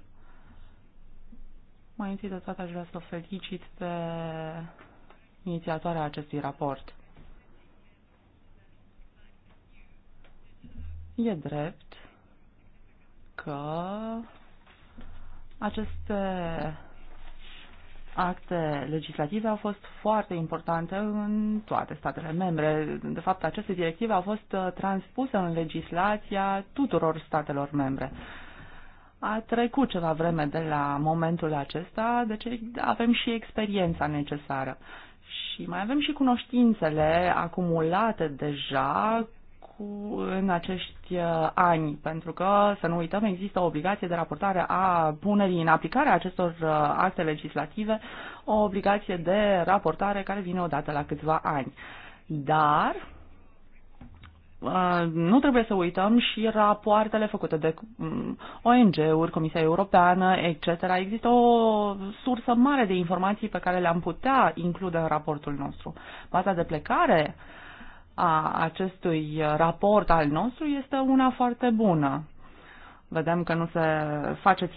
Mai întâi de toate aș vrea să o felicit pe inițiatoarea acestui raport. E drept că aceste acte legislative au fost foarte importante în toate statele membre. De fapt, aceste directive au fost uh, transpuse în legislația tuturor statelor membre. A trecut ceva vreme de la momentul acesta, deci avem și experiența necesară. Și mai avem și cunoștințele acumulate deja cu, în acești uh, ani, pentru că, să nu uităm, există o obligație de raportare a punerii în aplicare a acestor uh, acte legislative, o obligație de raportare care vine odată la câțiva ani. Dar, uh, nu trebuie să uităm și rapoartele făcute de mm, ONG-uri, Comisia Europeană, etc. Există o sursă mare de informații pe care le-am putea include în raportul nostru. Baza de plecare uh, a acestui raport al nostru este una foarte bună. Vedem că nu se face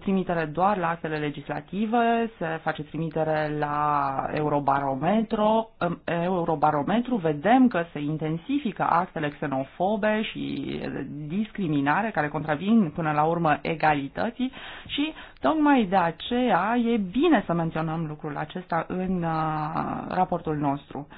trimitere, doar la actele legislative, se face trimitere la eurobarometru, um, eurobarometru, vedem că se intensifică actele xenofobe și discriminare care contravin până la urmă egalității și tocmai de aceea e bine să menționăm lucrul acesta în uh, raportul nostru. Uh,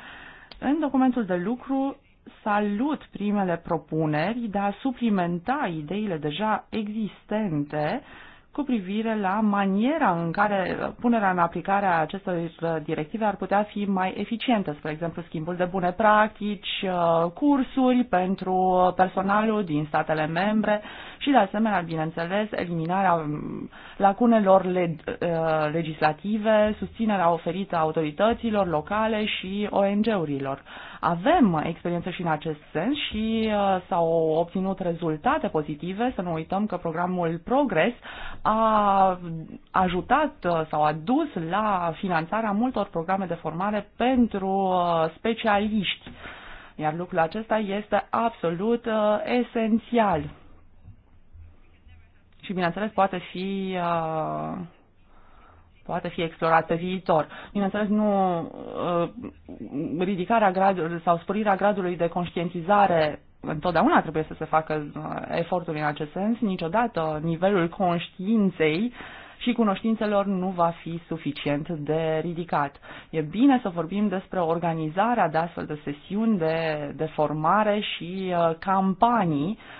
în documentul de lucru salut primele propuneri de a suplimenta ideile deja existente uh, cu privire la maniera în care punerea în aplicare a acestor uh, directive ar putea fi mai eficientă, spre exemplu schimbul de bune practici, uh, cursuri pentru uh, personalul din statele membre și, de asemenea, bineînțeles, eliminarea um, lacunelor legislative, susținerea oferită autorităților locale și ONG-urilor. Avem experiență și în acest sens și uh, s-au obținut rezultate pozitive. Să nu uităm că programul Progress a ajutat uh, sau a dus la finanțarea multor programe de formare pentru uh, specialiști. Iar lucrul acesta este absolut esențial și, bineînțeles, poate fi poate fi explorat pe viitor. Bineînțeles, nu uh, ridicarea gradului sau sporirea gradului de conștientizare întotdeauna trebuie să se facă uh, eforturi în acest sens, niciodată nivelul conștiinței și cunoștințelor nu va fi suficient de ridicat. E bine să vorbim despre organizarea de astfel de sesiuni de, de formare și uh, campanii uh,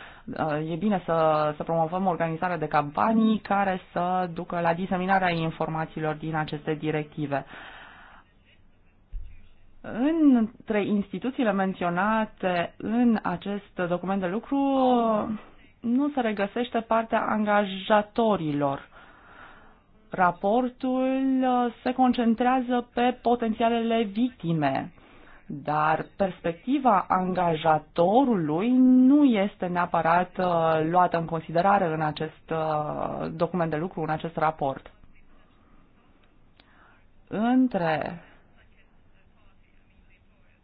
e bine să, să promovăm organizarea de campanii care să ducă la diseminarea informațiilor din aceste directive. Între instituțiile menționate în acest document de lucru nu se regăsește partea angajatorilor. Raportul se concentrează pe potențialele victime dar perspectiva angajatorului nu este neapărat uh, luată în considerare în acest uh, document de lucru, în acest raport. Între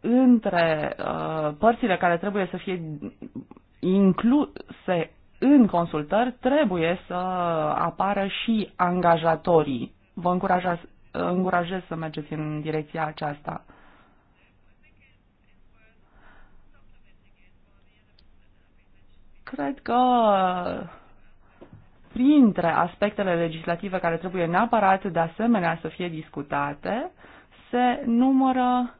între uh, părțile care trebuie să fie incluse în consultări trebuie să apară și angajatorii. Vă încurajez, uh, încurajez să mergeți în direcția aceasta. Cred că printre aspectele legislative care trebuie neapărat de asemenea să fie discutate se numără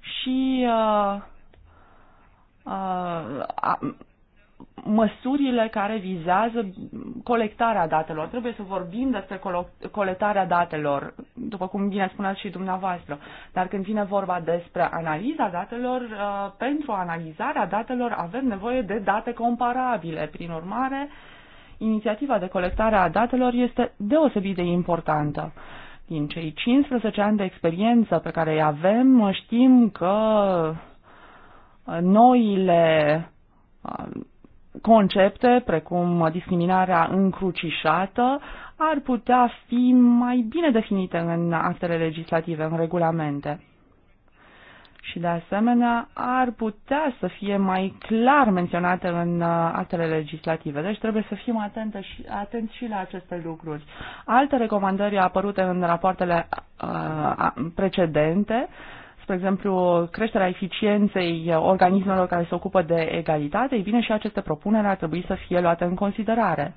și uh, uh, măsurile care vizează colectarea datelor. Trebuie să vorbim despre colectarea datelor, după cum bine spuneați și dumneavoastră. Dar când vine vorba despre analiza datelor, uh, pentru analizarea datelor avem nevoie de date comparabile. Prin urmare, inițiativa de colectare a datelor este deosebit de importantă. Din cei 15 ani de experiență pe care îi avem, știm că uh, noile uh, concepte precum discriminarea încrucișată ar putea fi mai bine definite în actele legislative, în regulamente. Și de asemenea ar putea să fie mai clar menționate în uh, actele legislative. Deci trebuie să fim și, atenți și la aceste lucruri. Alte recomandări apărute în rapoartele uh, precedente uh, spre exemplu, creșterea eficienței organismelor care se ocupă de egalitate, ei bine, și aceste propuneri ar trebui să fie luate în considerare.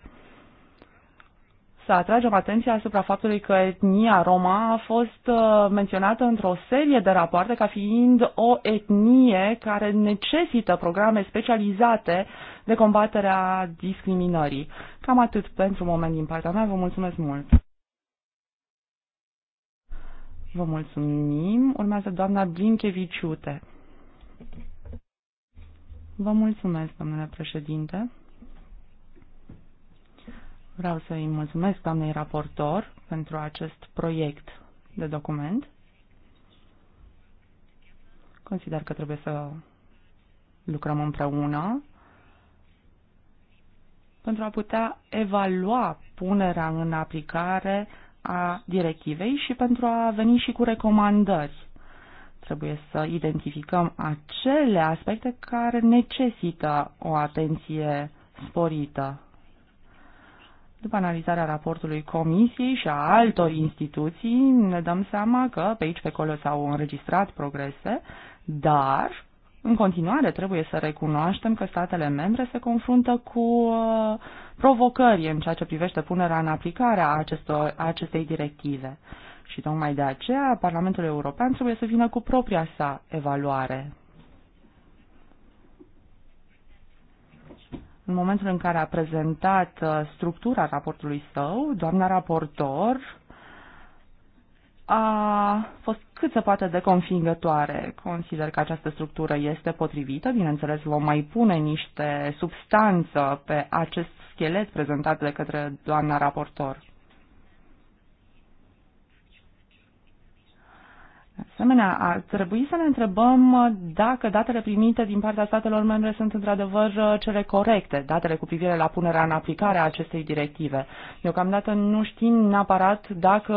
Să atragem atenția asupra faptului că etnia Roma a fost uh, menționată într-o serie de rapoarte ca fiind o etnie care necesită programe specializate de combaterea discriminării. Cam atât pentru moment din partea mea. Vă mulțumesc mult! Vă mulțumim. Urmează doamna Blinkeviciute. Vă mulțumesc, domnule președinte. Vreau să-i mulțumesc doamnei raportor pentru acest proiect de document. Consider că trebuie să lucrăm împreună pentru a putea evalua punerea în aplicare a directivei și pentru a veni și cu recomandări. Trebuie să identificăm acele aspecte care necesită o atenție sporită. După analizarea raportului Comisiei și a altor instituții, ne dăm seama că pe aici, pe acolo s-au înregistrat progrese, dar, în continuare, trebuie să recunoaștem că statele membre se confruntă cu uh, provocări în ceea ce privește punerea în aplicare a, acestor, a acestei directive. Și tocmai de aceea Parlamentul European trebuie să vină cu propria sa evaluare. În momentul în care a prezentat uh, structura raportului său, doamna raportor a fost cât se poate de confingătoare. Consider că această structură este potrivită, bineînțeles vom mai pune niște substanță pe acest schelet prezentat de către doamna raportor. De asemenea, ar trebui să ne întrebăm dacă datele primite din partea statelor membre sunt într-adevăr cele corecte, datele cu privire la punerea în aplicare a acestei directive. Deocamdată nu știm neapărat dacă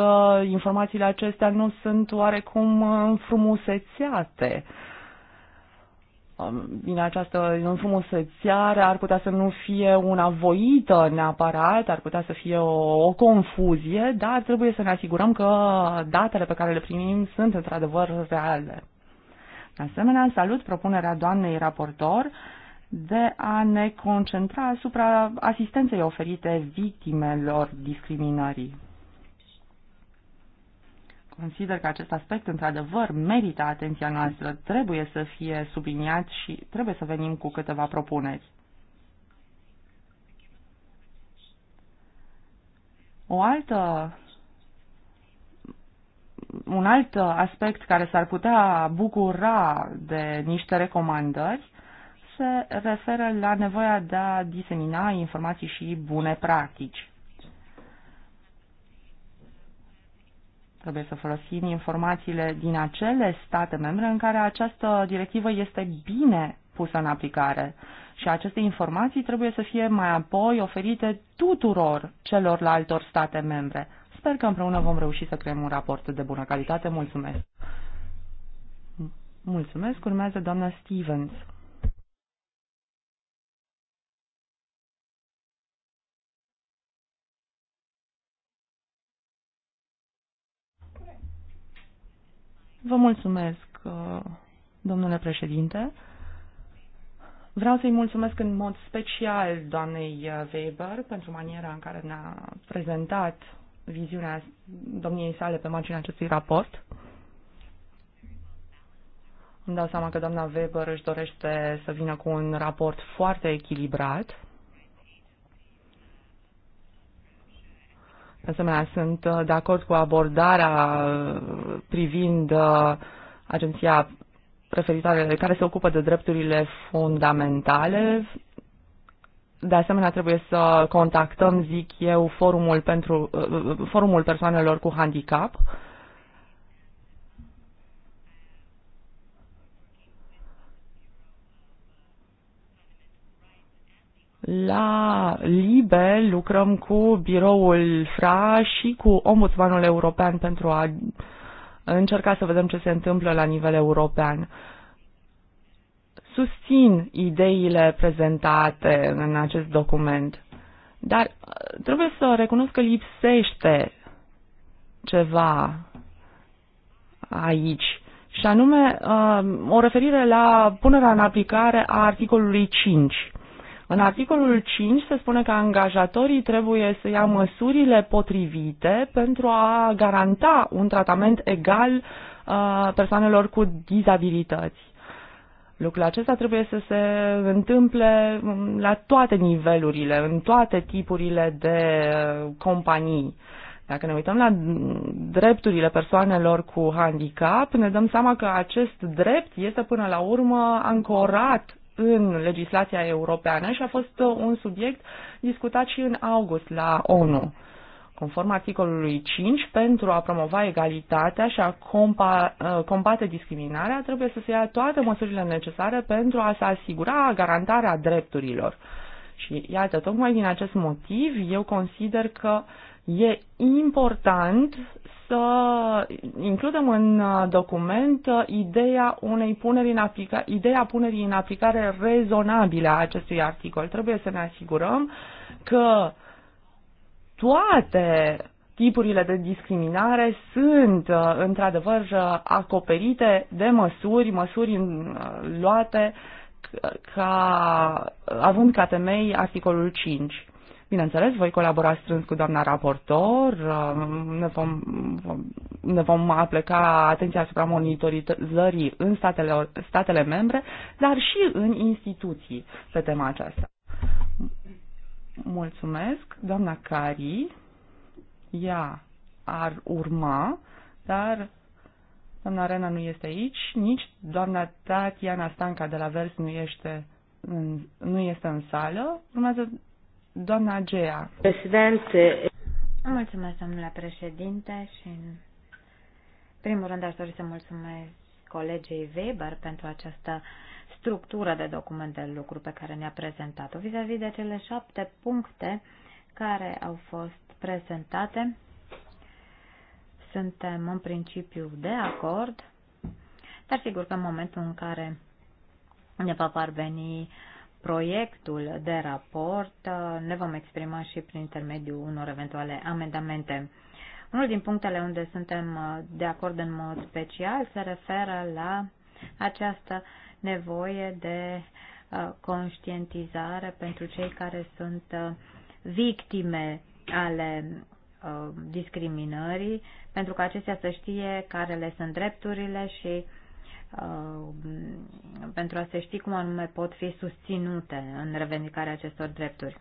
informațiile acestea nu sunt oarecum înfrumusețeate Bine, această înfrumusețare ar putea să nu fie una voită neapărat, ar putea să fie o, o confuzie, dar trebuie să ne asigurăm că datele pe care le primim sunt într-adevăr reale. De asemenea, salut propunerea doamnei raportor de a ne concentra asupra asistenței oferite victimelor discriminării. Consider că acest aspect, într-adevăr, merită atenția noastră, trebuie să fie subliniat și trebuie să venim cu câteva propuneri. O altă un alt aspect care s-ar putea bucura de niște recomandări se referă la nevoia de a disemina informații și bune practici. Trebuie să folosim informațiile din acele state membre în care această directivă este bine pusă în aplicare și aceste informații trebuie să fie mai apoi oferite tuturor celorlaltor state membre. Sper că împreună vom reuși să creăm un raport de bună calitate. Mulțumesc! Mulțumesc! Urmează doamna Stevens. Vă mulțumesc, uh, domnule președinte. Vreau să-i mulțumesc în mod special doamnei uh, Weber pentru maniera în care ne-a prezentat viziunea domniei sale pe marginea acestui raport. Îmi dau seama că doamna Weber își dorește să vină cu un raport foarte echilibrat De asemenea, sunt uh, de acord cu abordarea uh, privind uh, agenția referitoare care se ocupă de drepturile fundamentale. De asemenea, trebuie să contactăm, zic eu, forumul, pentru, forumul persoanelor cu handicap La LIBE lucrăm cu biroul FRA și cu Ombudsmanul European pentru a încerca să vedem ce se întâmplă la nivel european. Susțin ideile prezentate în acest document, dar uh, trebuie să recunosc că lipsește ceva aici, și anume uh, o referire la punerea în aplicare a articolului 5 în articolul 5 se spune că angajatorii trebuie să ia măsurile potrivite pentru a garanta un tratament egal uh, persoanelor cu dizabilități. Lucrul acesta trebuie să se întâmple um, la toate nivelurile, în toate tipurile de uh, companii. Dacă ne uităm la mm, drepturile persoanelor cu handicap, ne dăm seama că acest drept este până la urmă ancorat în legislația europeană și a fost uh, un subiect discutat și în august la ONU. Conform articolului 5, pentru a promova egalitatea și a uh, combate discriminarea, trebuie să se ia toate măsurile necesare pentru a se asigura garantarea drepturilor. Și iată, tocmai din acest motiv, eu consider că e important să includem în uh, document uh, ideea unei puneri în aplica- ideea punerii în aplicare rezonabile a acestui articol. Trebuie să ne asigurăm că toate tipurile de discriminare sunt uh, într-adevăr acoperite de măsuri, măsuri luate ca având ca temei articolul 5. Bineînțeles, voi colabora strâns cu doamna raportor, uh, ne vom, ne vom apleca atenția asupra monitorizării în statele, statele membre, dar și în instituții pe tema aceasta. Mulțumesc, doamna Cari. Ea ar urma, dar doamna Rena nu este aici, nici doamna Tatiana Stanca de la Vers nu este în, nu este în sală. Urmează Doamna Gea. Președinte. Mulțumesc, domnule președinte, și în primul rând aș dori să mulțumesc colegei Weber pentru această structură de document de lucru pe care ne-a prezentat-o vis-a-vis de cele șapte puncte care au fost prezentate. Suntem în principiu de acord, dar sigur că în momentul în care ne va parveni uh, proiectul de raport, uh, ne vom exprima și prin intermediul unor eventuale amendamente. Unul din punctele unde suntem uh, de acord în mod special se referă la această nevoie de uh, conștientizare pentru cei care sunt victime ale discriminării, pentru că acestea să știe care le sunt drepturile și uh, Uh, pentru a se ști cum anume pot fi susținute în revendicarea acestor drepturi.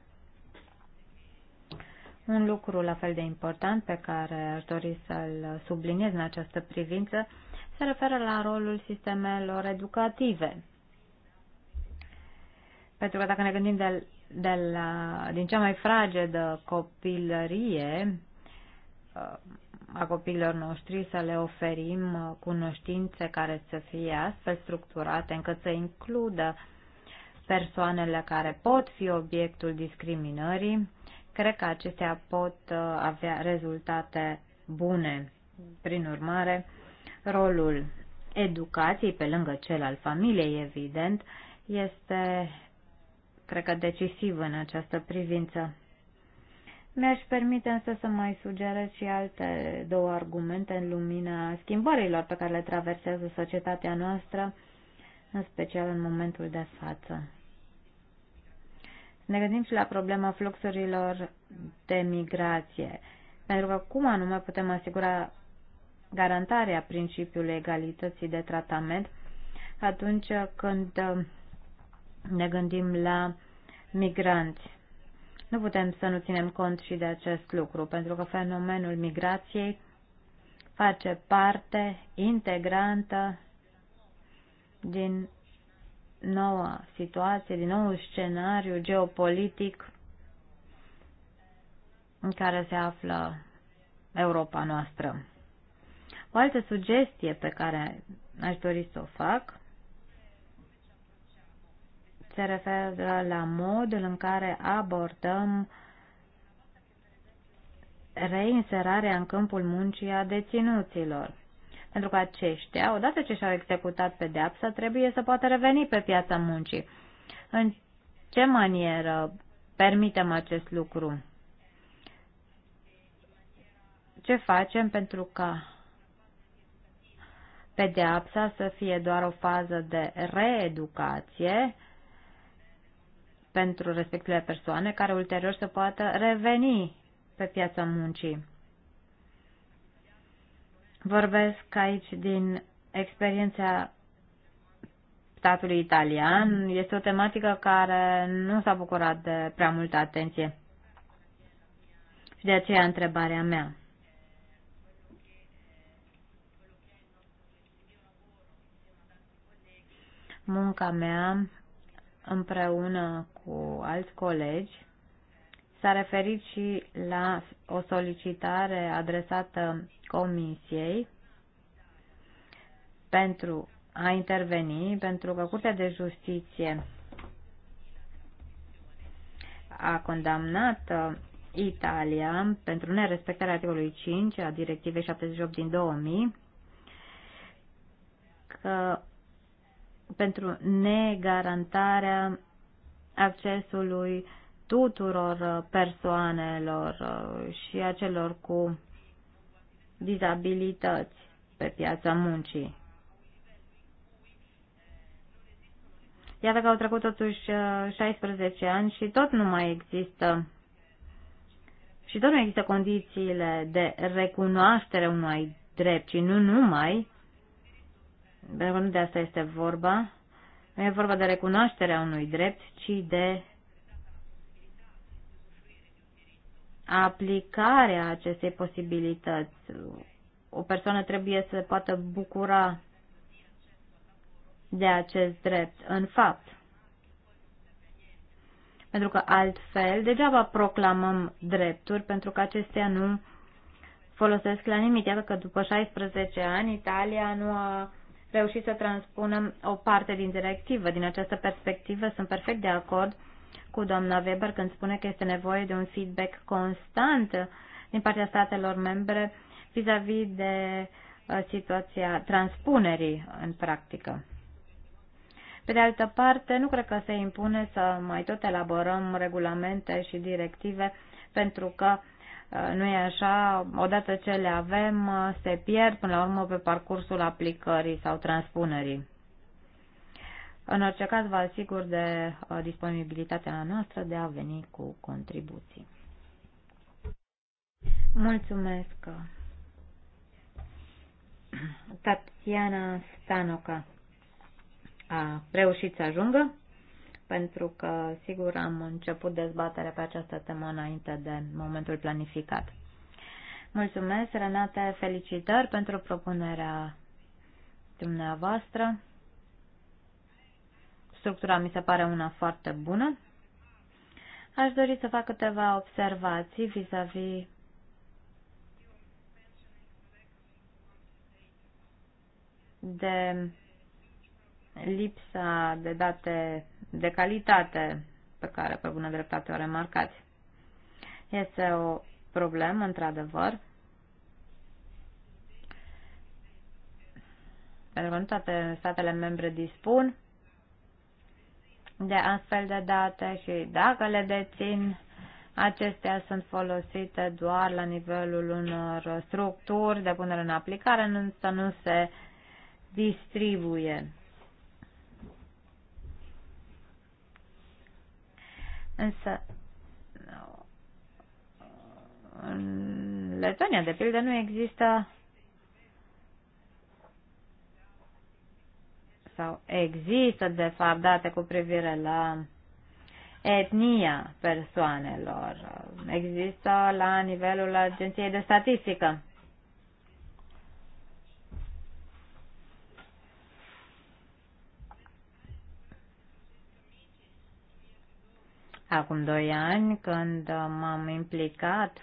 Un lucru la fel de important pe care aș dori să-l subliniez în această privință se referă la rolul sistemelor educative. Pentru că dacă ne gândim de, de la, din cea mai fragedă copilărie, uh, a copiilor noștri să le oferim cunoștințe care să fie astfel structurate încât să includă persoanele care pot fi obiectul discriminării, cred că acestea pot uh, avea rezultate bune. Prin urmare, rolul educației, pe lângă cel al familiei, evident, este, cred că, decisiv în această privință. Mi-aș permite însă să mai sugerez și alte două argumente în lumina schimbărilor pe care le traversează societatea noastră, în special în momentul de față. Ne gândim și la problema fluxurilor de migrație, pentru că cum anume putem asigura garantarea principiului egalității de tratament atunci când ne gândim la migranți nu putem să nu ținem cont și de acest lucru, pentru că fenomenul migrației face parte integrantă din noua situație, din nou scenariu geopolitic în care se află Europa noastră. O altă sugestie pe care aș dori să o fac se referă la modul în care abordăm reinserarea în câmpul muncii a deținuților. Pentru că aceștia, odată ce și-au executat pedeapsa, trebuie să poată reveni pe piața muncii. În ce manieră permitem acest lucru? Ce facem pentru ca pedeapsa să fie doar o fază de reeducație pentru respectivele persoane care ulterior să poată reveni pe piața muncii. Vorbesc aici din experiența statului italian. Este o tematică care nu s-a bucurat de prea multă atenție. Și de aceea întrebarea mea. Munca mea împreună cu alți colegi, s-a referit și la o solicitare adresată Comisiei pentru a interveni, pentru că Curtea de Justiție a condamnat uh, Italia pentru nerespectarea articolului 5 a Directivei 78 din 2000 că pentru negarantarea accesului tuturor uh, persoanelor uh, și acelor cu dizabilități pe piața muncii. Iată că au trecut totuși 16 uh, ani și tot nu mai există și tot nu există condițiile de recunoaștere unui drept, ci nu numai, pentru că nu de asta este vorba, nu e vorba de recunoașterea unui drept, ci de aplicarea acestei posibilități. O persoană trebuie să poată bucura de acest drept în fapt. Pentru că altfel, degeaba proclamăm drepturi, pentru că acestea nu folosesc la nimic. Iată că după 16 ani, Italia nu a reușit să transpunem o parte din directivă. Din această perspectivă sunt perfect de acord cu doamna Weber când spune că este nevoie de un feedback constant din partea statelor membre vis-a-vis -vis de uh, situația transpunerii în practică. Pe de altă parte, nu cred că se impune să mai tot elaborăm regulamente și directive pentru că Uh, nu e așa, odată ce le avem, uh, se pierd până la urmă pe parcursul aplicării sau transpunerii. În orice caz, vă asigur de uh, disponibilitatea noastră de a veni cu contribuții. Mulțumesc, Tatiana Stanoca. A reușit să ajungă? pentru că, sigur, am început dezbaterea pe această temă înainte de momentul planificat. Mulțumesc, Renate, felicitări pentru propunerea dumneavoastră. Structura mi se pare una foarte bună. Aș dori să fac câteva observații vis-a-vis -vis de lipsa de date de calitate pe care, pe bună dreptate, o remarcați. Este o problemă, într-adevăr, pentru că nu toate statele membre dispun de astfel de date și dacă le dețin, acestea sunt folosite doar la nivelul unor structuri de punere în aplicare, însă nu se distribuie. Însă, în Letonia, de pildă, nu există sau există, de fapt, date cu privire la etnia persoanelor. Există la nivelul Agenției de Statistică. acum doi ani, când m-am implicat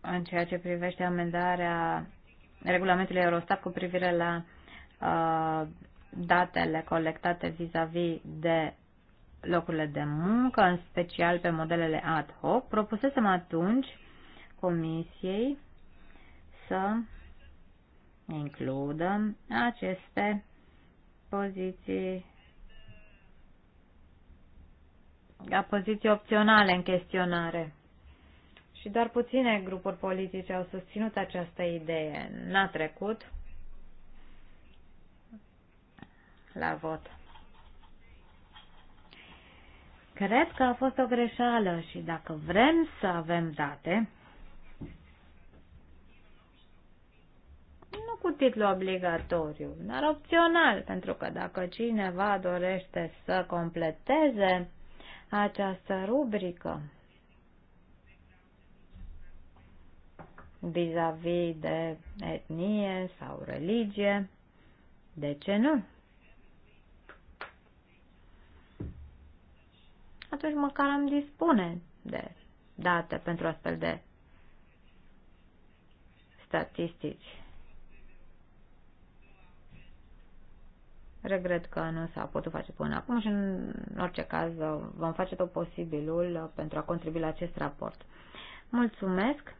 în ceea ce privește amendarea regulamentului Eurostat cu privire la uh, datele colectate vis-a-vis -vis de locurile de muncă, în special pe modelele ad hoc, propusesem atunci Comisiei să includă aceste poziții a poziții opționale în chestionare. Și doar puține grupuri politice au susținut această idee. N-a trecut la vot. Cred că a fost o greșeală și dacă vrem să avem date, nu cu titlu obligatoriu, dar opțional, pentru că dacă cineva dorește să completeze această rubrică vis-a-vis -vis de etnie sau religie. De ce nu? Atunci măcar am dispune de date pentru astfel de statistici. Regret că nu s-a putut face până acum și în orice caz vom face tot posibilul pentru a contribui la acest raport. Mulțumesc!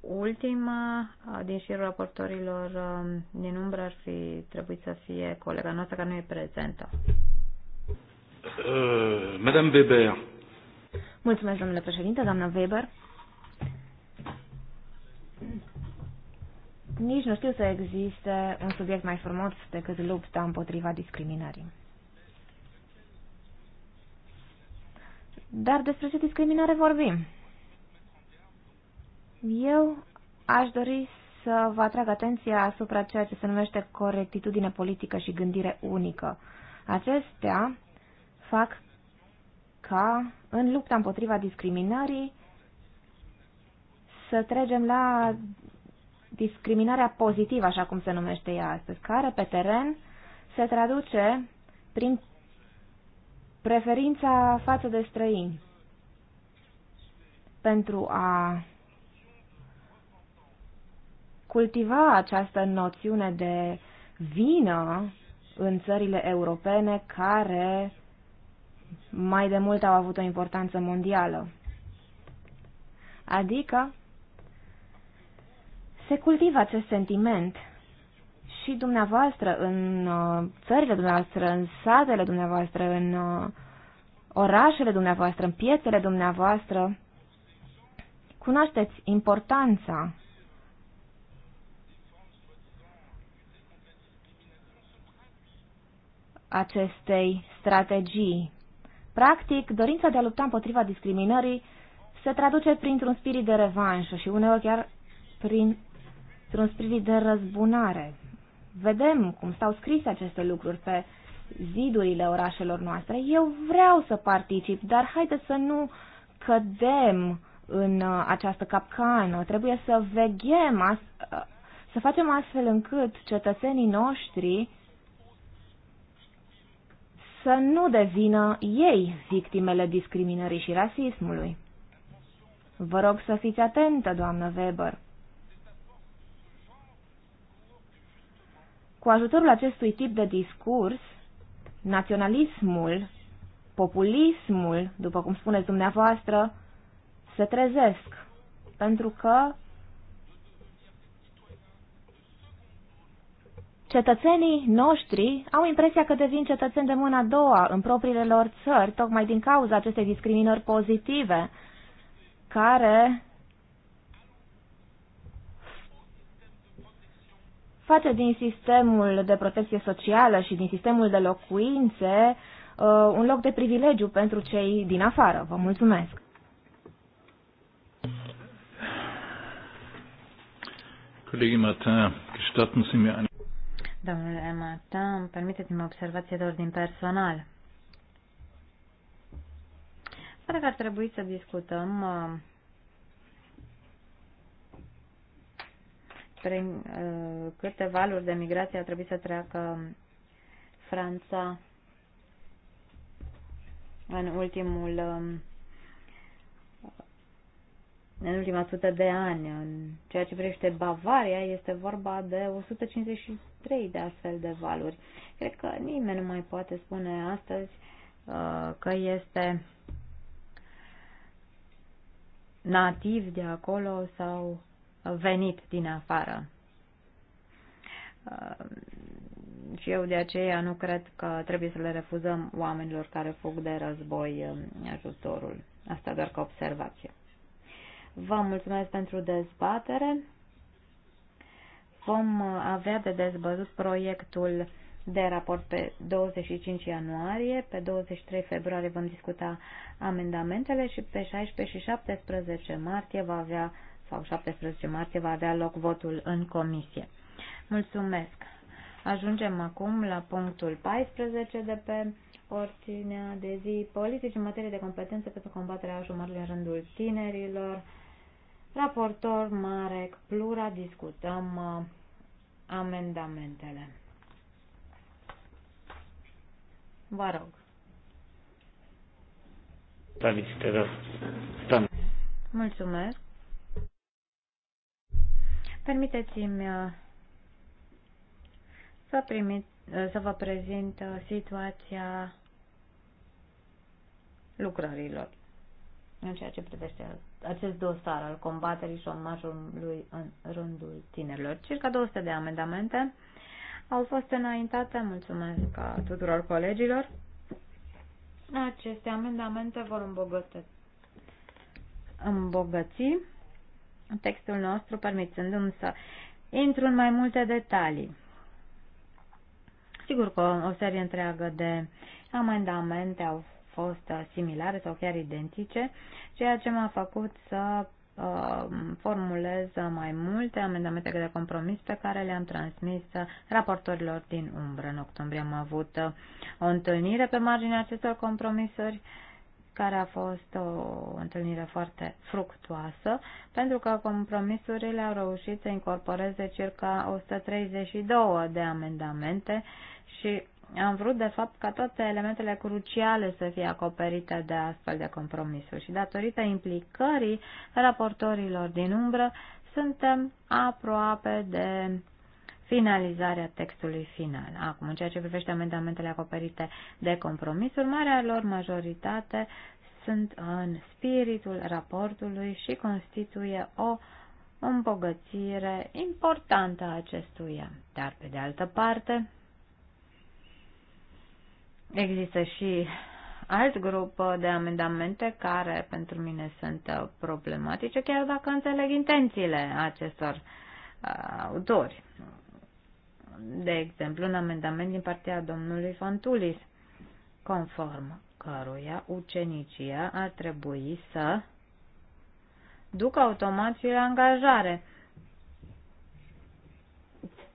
Ultima din șirul raportorilor um, din umbră ar fi trebuit să fie colega noastră care nu e prezentă. Uh, Madame Weber. Mulțumesc, domnule președinte, doamnă Weber. Nici nu știu să existe un subiect mai frumos decât lupta împotriva discriminării. Dar despre ce discriminare vorbim? Eu aș dori să vă atrag atenția asupra ceea ce se numește corectitudine politică și gândire unică. Acestea fac ca, în lupta împotriva discriminării, să trecem la discriminarea pozitivă, așa cum se numește ea astăzi, care pe teren se traduce prin preferința față de străini pentru a cultiva această noțiune de vină în țările europene care mai de mult au avut o importanță mondială. Adică se cultivă acest sentiment și dumneavoastră în uh, țările dumneavoastră, în satele dumneavoastră, în uh, orașele dumneavoastră, în piețele dumneavoastră, cunoașteți importanța acestei strategii. Practic, dorința de a lupta împotriva discriminării se traduce printr-un spirit de revanșă și uneori chiar prin sunt privit de răzbunare. Vedem cum stau scrise aceste lucruri pe zidurile orașelor noastre. Eu vreau să particip, dar haide să nu cădem în uh, această capcană. Trebuie să veghem, uh, să facem astfel încât cetățenii noștri să nu devină ei victimele discriminării și rasismului. Vă rog să fiți atentă, doamnă Weber. Cu ajutorul acestui tip de discurs, naționalismul, populismul, după cum spuneți dumneavoastră, se trezesc, pentru că Cetățenii noștri au impresia că devin cetățeni de mâna a doua în propriile lor țări, tocmai din cauza acestei discriminări pozitive, care face din sistemul de protecție socială și din sistemul de locuințe uh, un loc de privilegiu pentru cei din afară. Vă mulțumesc! Colegii Martin, gestatten Domnule Martin, îmi permiteți-mi o observație de ordin personal. Pare că ar trebui să discutăm uh, prin uh, câte valuri de migrație a trebuit să treacă Franța în ultimul um, în ultima sută de ani. În ceea ce privește Bavaria, este vorba de 153 de astfel de valuri. Cred că nimeni nu mai poate spune astăzi uh, că este nativ de acolo sau venit din afară. Uh, și eu de aceea nu cred că trebuie să le refuzăm oamenilor care fug de război um, ajutorul. Asta doar ca observație. Vă mulțumesc pentru dezbatere. Vom avea de dezbăzut proiectul de raport pe 25 ianuarie, pe 23 februarie vom discuta amendamentele și pe 16 și 17 martie va avea sau 17 martie va avea loc votul în comisie. Mulțumesc! Ajungem acum la punctul 14 de pe ordinea de zi politici în materie de competențe pentru combaterea jumării în rândul tinerilor. Raportor Marek Plura, discutăm uh, amendamentele. Vă rog. Mulțumesc. Permiteți-mi uh, să, primit, uh, să vă prezint uh, situația lucrărilor în ceea ce privește acest dosar al combaterii șomajului în rândul tinerilor. Circa 200 de amendamente au fost înaintate. Mulțumesc tuturor colegilor. Aceste amendamente vor îmbogăți, îmbogăți textul nostru, permițându-mi să intru în mai multe detalii. Sigur că o serie întreagă de amendamente au fost similare sau chiar identice, ceea ce m-a făcut să uh, formulez mai multe amendamente de compromis pe care le-am transmis raportorilor din umbră. În octombrie am avut o întâlnire pe marginea acestor compromisuri care a fost o întâlnire foarte fructuoasă, pentru că compromisurile au reușit să incorporeze circa 132 de amendamente și am vrut, de fapt, ca toate elementele cruciale să fie acoperite de astfel de compromisuri și datorită implicării raportorilor din umbră, suntem aproape de finalizarea textului final. Acum, în ceea ce privește amendamentele acoperite de compromisuri, marea lor majoritate sunt în spiritul raportului și constituie o îmbogățire importantă a acestuia. Dar, pe de altă parte, există și alt grup de amendamente care pentru mine sunt problematice, chiar dacă înțeleg intențiile acestor uh, autori de exemplu, un amendament din partea domnului Fontulis, conform căruia ucenicia ar trebui să ducă automat și la angajare.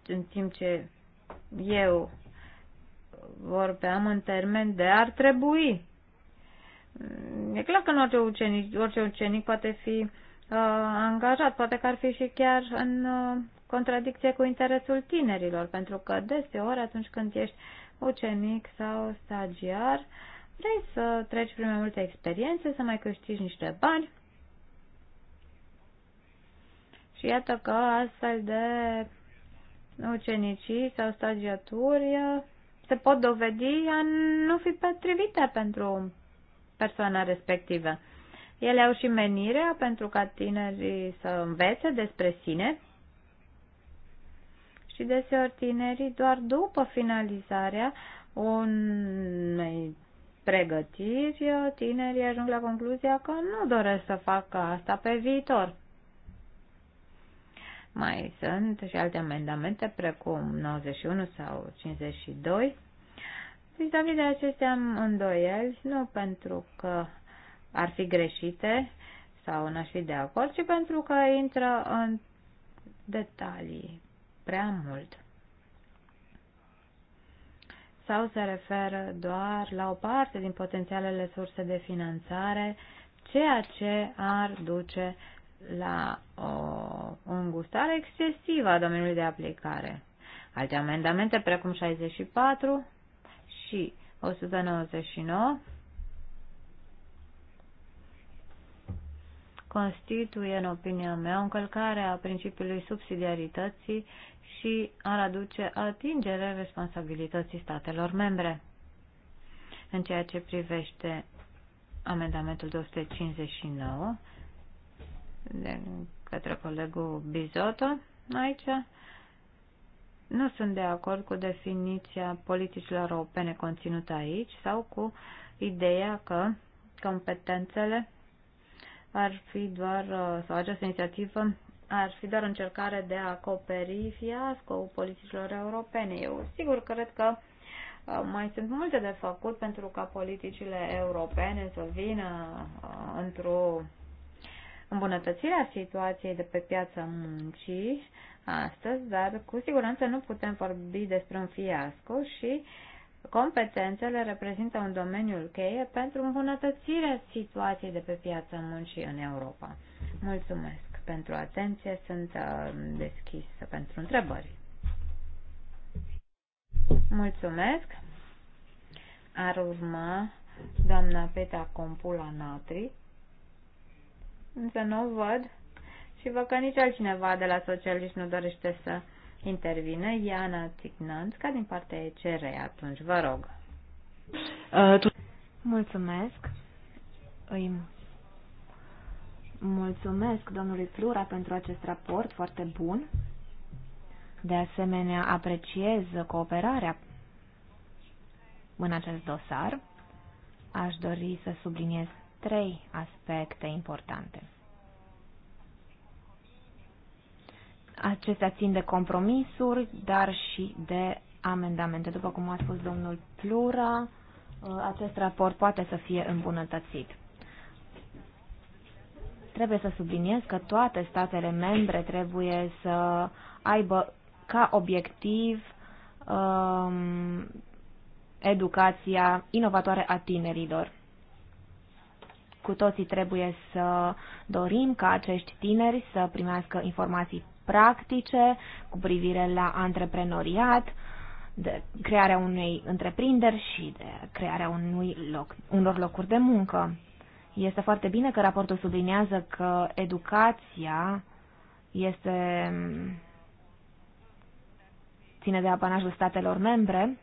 În timp ce eu vorbeam în termen de ar trebui. E clar că în orice ucenic, orice ucenic poate fi uh, angajat, poate că ar fi și chiar în uh, contradicție cu interesul tinerilor, pentru că deseori atunci când ești ucenic sau stagiar, vrei să treci prin mai multe experiențe, să mai câștigi niște bani. Și iată că astfel de ucenicii sau stagiaturi uh, se pot dovedi a nu fi potrivite pentru persoana respectivă. Ele au și menirea pentru ca tinerii să învețe despre sine și deseori tinerii doar după finalizarea unei pregătiri, tinerii ajung la concluzia că nu doresc să facă asta pe viitor. Mai sunt și alte amendamente, precum 91 sau 52. Vis-a-vis de acestea îndoieli, nu pentru că ar fi greșite sau n-aș fi de acord, ci pentru că intră în detalii prea mult sau se referă doar la o parte din potențialele surse de finanțare, ceea ce ar duce la o îngustare excesivă a domeniului de aplicare. Alte amendamente, precum 64 și 199, constituie, în opinia mea, o încălcare a principiului subsidiarității și ar aduce atingere responsabilității statelor membre. În ceea ce privește amendamentul 259 de către colegul Bizotto, aici nu sunt de acord cu definiția politicilor europene conținută aici sau cu ideea că competențele ar fi doar, uh, sau această inițiativă ar fi doar încercare de a acoperi fiascoul politicilor europene. Eu sigur cred că uh, mai sunt multe de făcut pentru ca politicile europene să vină uh, într-o îmbunătățire a situației de pe piața muncii astăzi, dar cu siguranță nu putem vorbi despre un fiasco și competențele reprezintă un domeniu cheie pentru îmbunătățirea situației de pe piața muncii în Europa. Mulțumesc! pentru atenție. Sunt uh, deschis pentru întrebări. Mulțumesc. Ar urma doamna Peta Compula Natri. Însă nu o văd și văd că nici altcineva de la socialiști nu dorește să intervină. Iana Țignanțca din partea ECR. Atunci, vă rog. Uh, Mulțumesc. Îi Mulțumesc domnului Plura pentru acest raport foarte bun. De asemenea, apreciez cooperarea în acest dosar. Aș dori să subliniez trei aspecte importante. Acestea țin de compromisuri, dar și de amendamente. După cum a spus domnul Plura, acest raport poate să fie îmbunătățit. Trebuie să subliniez că toate statele membre trebuie să aibă ca obiectiv um, educația inovatoare a tinerilor. Cu toții trebuie să dorim ca acești tineri să primească informații practice cu privire la antreprenoriat, de crearea unei întreprinderi și de crearea unui loc, unor locuri de muncă. Este foarte bine că raportul sublinează că educația este ține de apanajul statelor membre.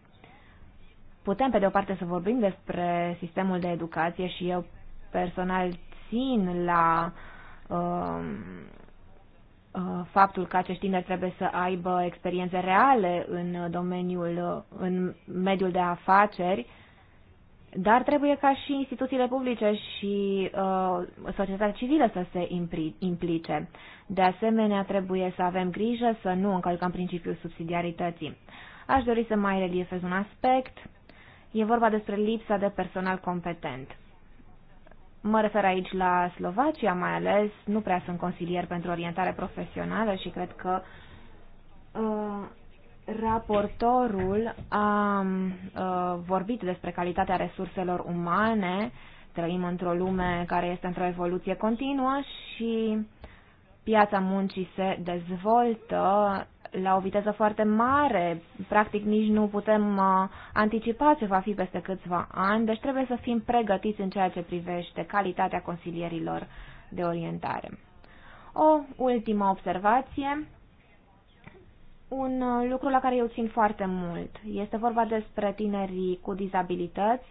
Putem, pe de o parte, să vorbim despre sistemul de educație și eu personal țin la uh, uh, faptul că acești tineri trebuie să aibă experiențe reale în domeniul, în mediul de afaceri dar trebuie ca și instituțiile publice și uh, societatea civilă să se implice. De asemenea, trebuie să avem grijă să nu încălcăm principiul subsidiarității. Aș dori să mai reliefez un aspect. E vorba despre lipsa de personal competent. Mă refer aici la Slovacia, mai ales. Nu prea sunt consilier pentru orientare profesională și cred că uh, Raportorul a uh, vorbit despre calitatea resurselor umane. Trăim într-o lume care este într-o evoluție continuă și piața muncii se dezvoltă la o viteză foarte mare. Practic nici nu putem uh, anticipa ce va fi peste câțiva ani, deci trebuie să fim pregătiți în ceea ce privește calitatea consilierilor de orientare. O ultimă observație un uh, lucru la care eu țin foarte mult. Este vorba despre tinerii cu dizabilități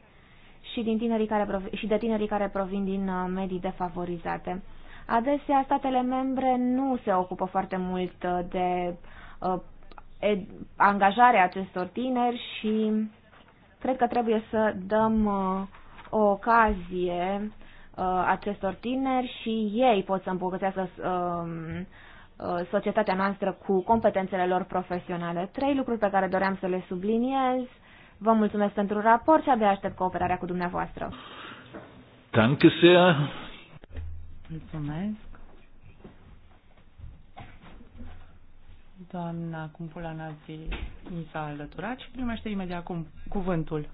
și, din tinerii care și de tinerii care provin din uh, medii defavorizate. Adesea, statele membre nu se ocupă foarte mult uh, de uh, angajarea acestor tineri și cred că trebuie să dăm uh, o ocazie uh, acestor tineri și ei pot să îmbogățească uh, um, Uh, societatea noastră cu competențele lor profesionale. Trei lucruri pe care doream să le subliniez. Vă mulțumesc pentru raport și abia aștept cooperarea cu dumneavoastră. Danke sehr. Mulțumesc. Doamna Cumpula Nazi mi s-a alăturat și primește imediat acum cuvântul.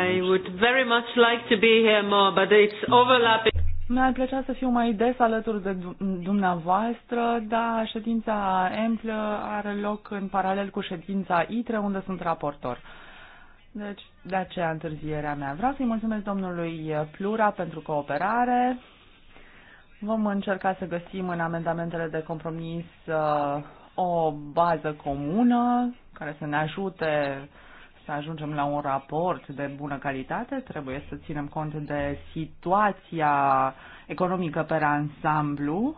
I would very much like to be here more, but it's overlapping. Mi-ar plăcea să fiu mai des alături de dumneavoastră, dar ședința amplă are loc în paralel cu ședința ITRE, unde sunt raportor. Deci, de aceea întârzierea mea. Vreau să-i mulțumesc domnului Plura pentru cooperare. Vom încerca să găsim în amendamentele de compromis uh, o bază comună care să ne ajute uh, să ajungem la un raport de bună calitate, trebuie să ținem cont de situația economică pe ansamblu.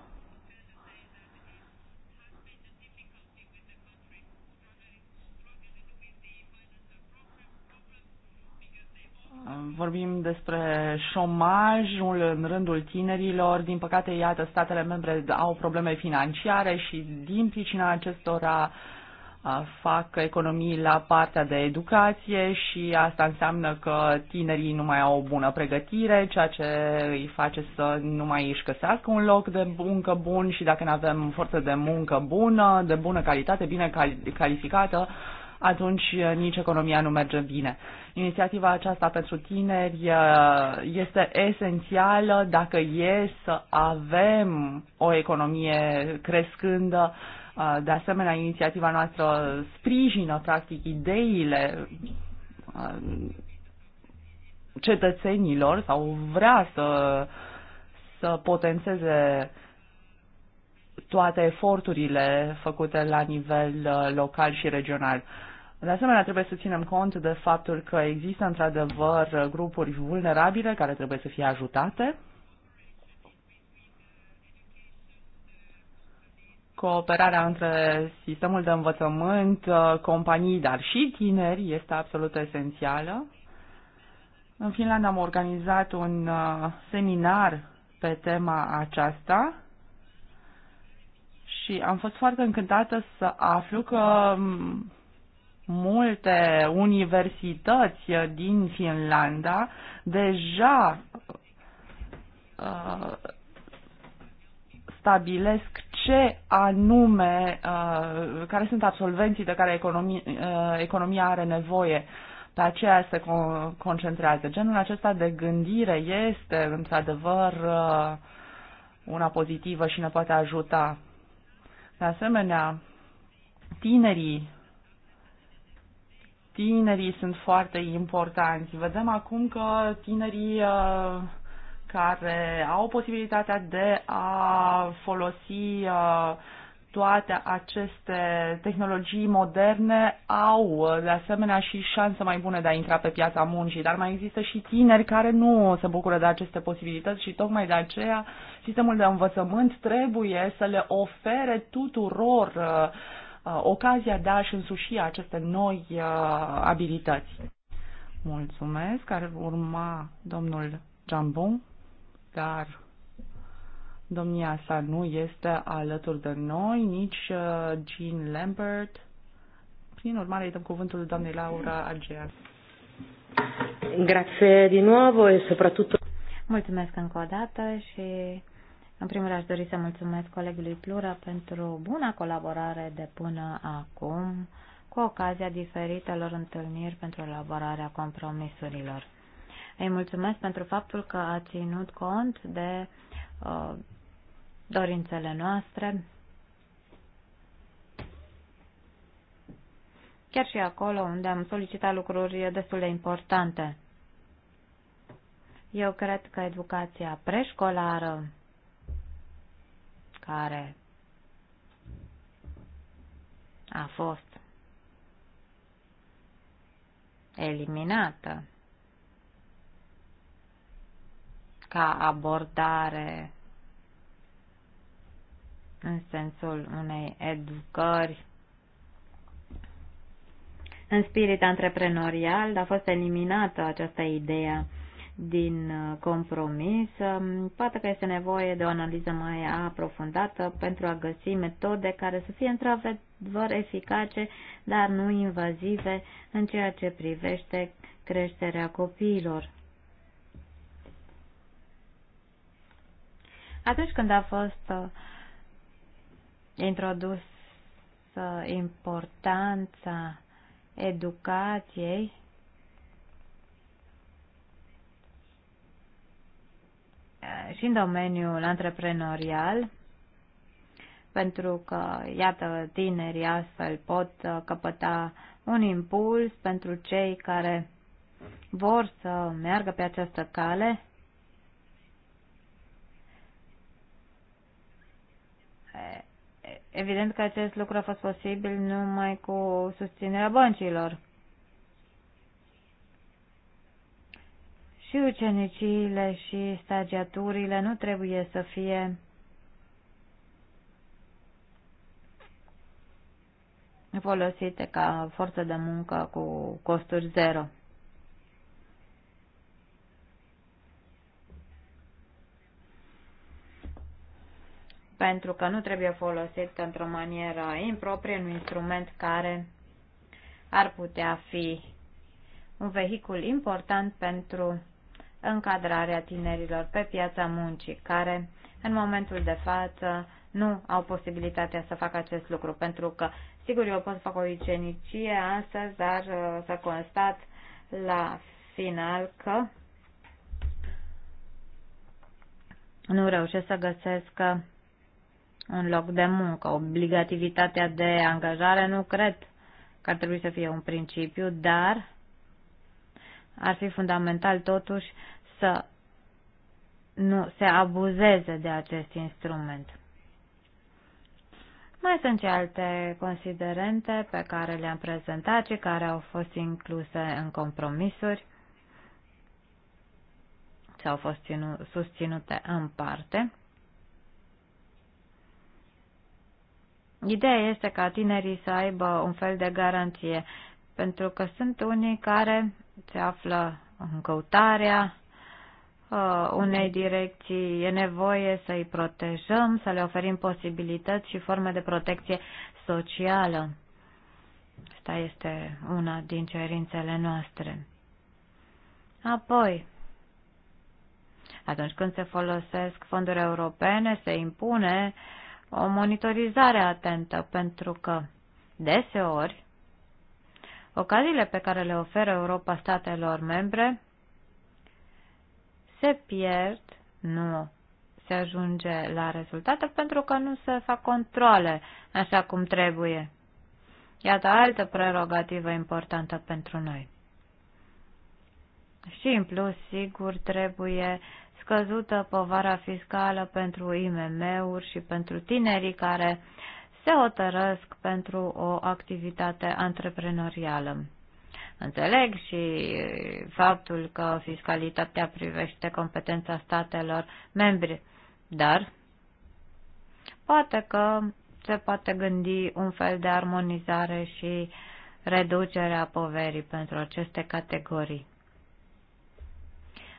Vorbim despre șomajul în rândul tinerilor. Din păcate, iată, statele membre au probleme financiare și din pricina acestora uh, fac economii la partea de educație și asta înseamnă că tinerii nu mai au o bună pregătire, ceea ce îi face să nu mai își găsească un loc de muncă bun și dacă nu avem forță de muncă bună, de bună calitate, bine calificată, atunci nici economia nu merge bine. Inițiativa aceasta pentru tineri este esențială dacă e să avem o economie crescândă, Uh, de asemenea, inițiativa noastră sprijină, practic, ideile uh, cetățenilor sau vrea să, să potențeze toate eforturile făcute la nivel uh, local și regional. De asemenea, trebuie să ținem cont de faptul că există într-adevăr grupuri vulnerabile care trebuie să fie ajutate Cooperarea între sistemul de învățământ, uh, companii, dar și tineri este absolut esențială. În Finlanda am organizat un uh, seminar pe tema aceasta și am fost foarte încântată să aflu că um, multe universități din Finlanda deja uh, stabilesc ce anume, uh, care sunt absolvenții de care economia, uh, economia are nevoie. Pe aceea se concentrează. Genul acesta de gândire este, într-adevăr, uh, una pozitivă și ne poate ajuta. De asemenea, tinerii tinerii sunt foarte importanți. Vedem acum că tinerii uh, care au posibilitatea de a folosi uh, toate aceste tehnologii moderne au uh, de asemenea și șanse mai bune de a intra pe piața muncii, dar mai există și tineri care nu se bucură de aceste posibilități și tocmai de aceea sistemul de învățământ trebuie să le ofere tuturor uh, uh ocazia de a-și însuși aceste noi uh, abilități. Mulțumesc. Care urma domnul Jambon dar domnia sa nu este alături de noi, nici uh, Jean Lambert. Prin urmare, îi dăm cuvântul doamnei Laura Agea. Grazie din nuovo e soprattutto... Mulțumesc încă o dată și în primul rând aș dori să mulțumesc colegului Plura pentru buna colaborare de până acum cu ocazia diferitelor întâlniri pentru elaborarea compromisurilor. Îi mulțumesc pentru faptul că a ținut cont de uh, dorințele noastre. Chiar și acolo unde am solicitat lucruri destul de importante. Eu cred că educația preșcolară, care a fost eliminată ca abordare în sensul unei educări în spirit antreprenorial, a fost eliminată această idee din uh, compromis. Um, poate că este nevoie de o analiză mai aprofundată pentru a găsi metode care să fie într-adevăr eficace, dar nu invazive în ceea ce privește creșterea copiilor. Atunci când a fost uh, introdus uh, importanța educației, uh, și în domeniul antreprenorial, pentru că, iată, tinerii astfel pot căpăta un impuls pentru cei care vor să meargă pe această cale Evident că acest lucru a fost posibil numai cu susținerea băncilor. Și uceniciile și stagiaturile nu trebuie să fie folosite ca forță de muncă cu costuri zero. pentru că nu trebuie folosit într-o manieră improprie, un instrument care ar putea fi un vehicul important pentru încadrarea tinerilor pe piața muncii, care în momentul de față nu au posibilitatea să facă acest lucru, pentru că, sigur, eu pot să fac o licenicie astăzi, dar uh, să constat la final că nu reușesc să găsesc uh, un loc de muncă. Obligativitatea de angajare nu cred că ar trebui să fie un principiu, dar ar fi fundamental totuși să nu se abuzeze de acest instrument. Mai sunt și alte considerente pe care le-am prezentat și care au fost incluse în compromisuri sau au fost susținute în parte. Ideea este ca tinerii să aibă un fel de garanție, pentru că sunt unii care se află în căutarea uh, unei direcții, e nevoie să îi protejăm, să le oferim posibilități și forme de protecție socială. Asta este una din cerințele noastre. Apoi, atunci când se folosesc fonduri europene, se impune uh, o monitorizare atentă, pentru că deseori ocaziile pe care le oferă Europa statelor membre se pierd, nu se ajunge la rezultate pentru că nu se fac controle așa cum trebuie. Iată altă prerogativă importantă pentru noi. Și în plus, sigur, trebuie scăzută povara fiscală pentru IMM-uri și pentru tinerii care se hotărăsc pentru o activitate antreprenorială. Înțeleg și faptul că fiscalitatea privește competența statelor membri, dar poate că se poate gândi un fel de armonizare și reducerea poverii pentru aceste categorii.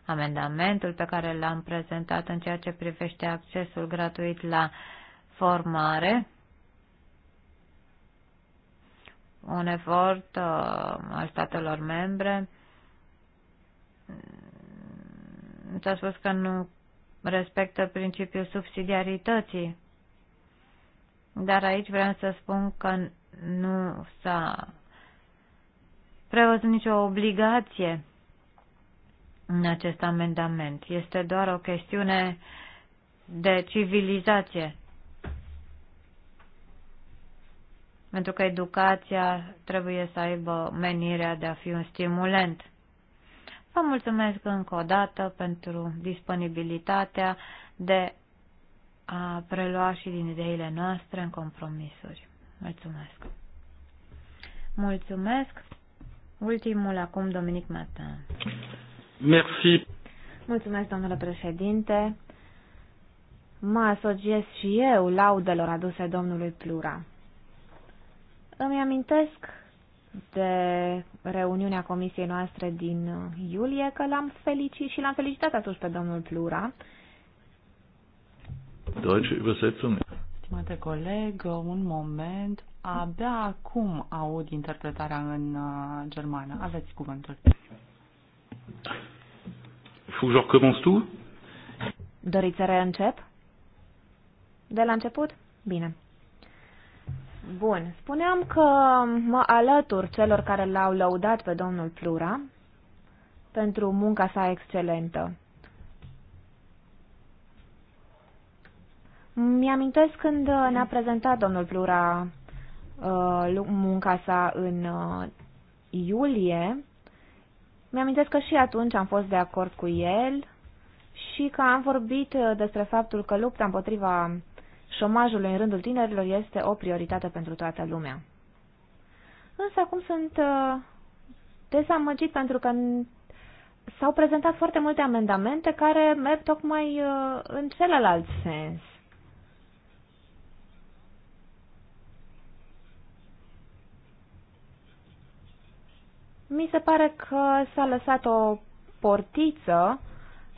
Amendamentul pe care l-am prezentat în ceea ce privește accesul gratuit la formare, un efort uh, al statelor membre, s-a spus că nu respectă principiul subsidiarității. Dar aici vreau să spun că nu s-a prevăzut nicio obligație în acest amendament. Este doar o chestiune de civilizație. Pentru că educația trebuie să aibă menirea de a fi un stimulent. Vă mulțumesc încă o dată pentru disponibilitatea de a prelua și din ideile noastre în compromisuri. Mulțumesc! Mulțumesc! Ultimul acum, Dominic Matan. Merci. Mulțumesc, domnule președinte. Mă asociez și eu laudelor aduse domnului Plura. Îmi amintesc de reuniunea comisiei noastre din iulie că l-am felicit și l-am felicitat atunci pe domnul Plura. Deutsche Übersetzung. Stimate coleg, un moment. Abia acum aud interpretarea în uh, germană. Aveți cuvântul. Faut que je recommence tout Doriți să reîncep? De la început? Bine. Bun. Spuneam că mă alătur celor care l-au lăudat pe domnul Plura pentru munca sa excelentă. Mi-amintesc când ne-a prezentat domnul Plura uh, munca sa în uh, iulie, mi-amintesc că și atunci am fost de acord cu el și că am vorbit uh, despre faptul că lupta împotriva șomajului în rândul tinerilor este o prioritate pentru toată lumea. Însă acum sunt uh, dezamăgit pentru că s-au prezentat foarte multe amendamente care merg tocmai uh, în celălalt sens. Mi se pare că s-a lăsat o portiță,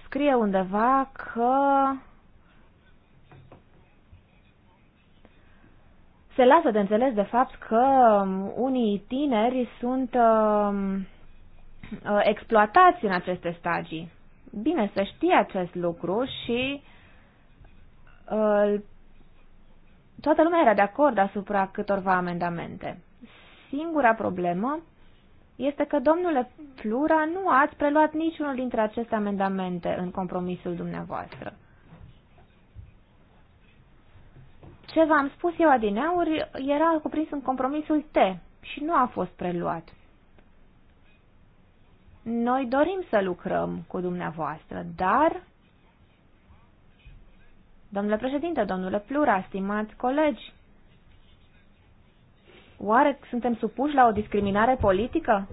scrie undeva că se lasă de înțeles de fapt că unii tineri sunt um, uh, exploatați în aceste stagii. Bine să știe acest lucru și uh, toată lumea era de acord asupra câtorva amendamente. Singura problemă este că, domnule Plura, nu ați preluat niciunul dintre aceste amendamente în compromisul dumneavoastră. Ce v-am spus eu adineauri era cuprins în compromisul T și nu a fost preluat. Noi dorim să lucrăm cu dumneavoastră, dar... Domnule președinte, domnule Plura, stimați colegi, Oare suntem supuși la o discriminare politică?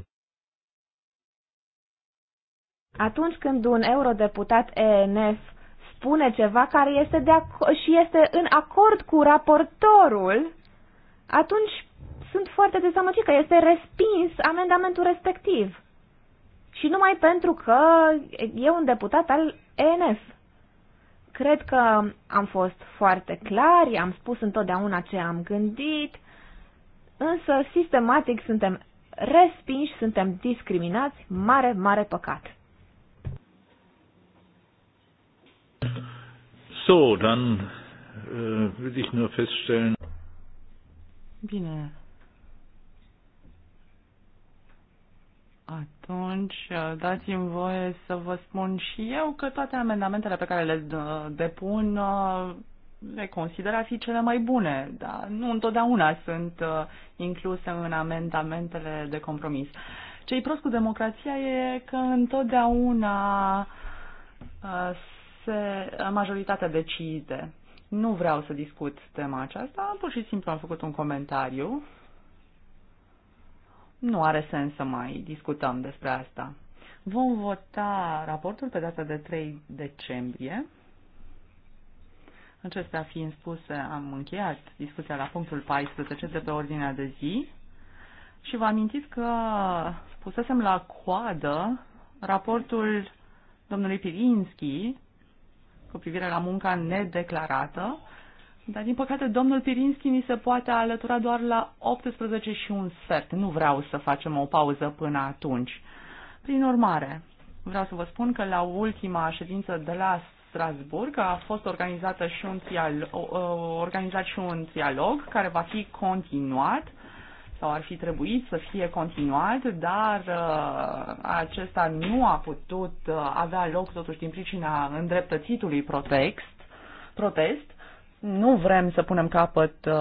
Atunci când un eurodeputat ENF spune ceva care este de și este în acord cu raportorul, atunci sunt foarte dezamăgit că este respins amendamentul respectiv. Și numai pentru că e un deputat al ENF. Cred că am fost foarte clari, am spus întotdeauna ce am gândit, însă sistematic suntem respinși, suntem discriminați, mare, mare păcat. So, dann uh, will ich nur feststellen. Bine. Atunci, äh, dați-mi voie să vă spun și eu că toate amendamentele pe care le depun le consider a fi cele mai bune, dar nu întotdeauna sunt uh, incluse în amendamentele de compromis. ce e prost cu democrația e că întotdeauna uh, se, majoritatea decide. Nu vreau să discut tema aceasta, pur și simplu am făcut un comentariu. Nu are sens să mai discutăm despre asta. Vom vota raportul pe data de 3 decembrie Acestea fiind spuse, am încheiat discuția la punctul 14 de pe ordinea de zi și vă amintiți că pusesem la coadă raportul domnului Pirinski cu privire la munca nedeclarată, dar din păcate domnul Pirinski mi se poate alătura doar la 18 și un sfert. Nu vreau să facem o pauză până atunci. Prin urmare, vreau să vă spun că la ultima ședință de la Strasburg a fost organizată și un dialog, organizat și un dialog care va fi continuat sau ar fi trebuit să fie continuat, dar uh, acesta nu a putut uh, avea loc totuși din pricina îndreptățitului protest, protest nu vrem să punem capăt uh,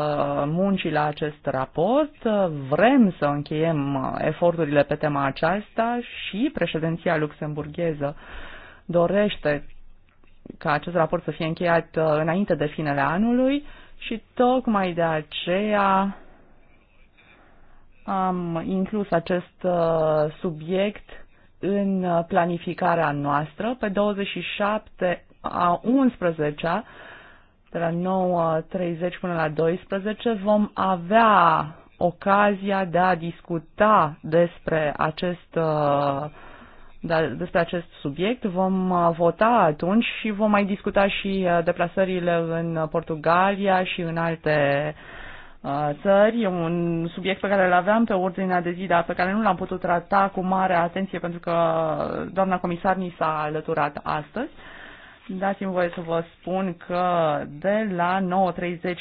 muncii la acest raport, vrem să încheiem eforturile pe tema aceasta și președinția luxemburgheză dorește ca acest raport să fie încheiat uh, înainte de finele anului și tocmai de aceea am inclus acest uh, subiect în uh, planificarea noastră. Pe 27 a 11 de la 9.30 până la 12 vom avea ocazia de a discuta despre acest uh, despre acest subiect. Vom uh, vota atunci și vom mai discuta și uh, deplasările în Portugalia și în alte uh, țări, un subiect pe care îl aveam pe ordinea de zi, dar pe care nu l-am putut trata cu mare atenție pentru că doamna comisar ni s-a alăturat astăzi. Dați-mi voie să vă spun că de la 9.30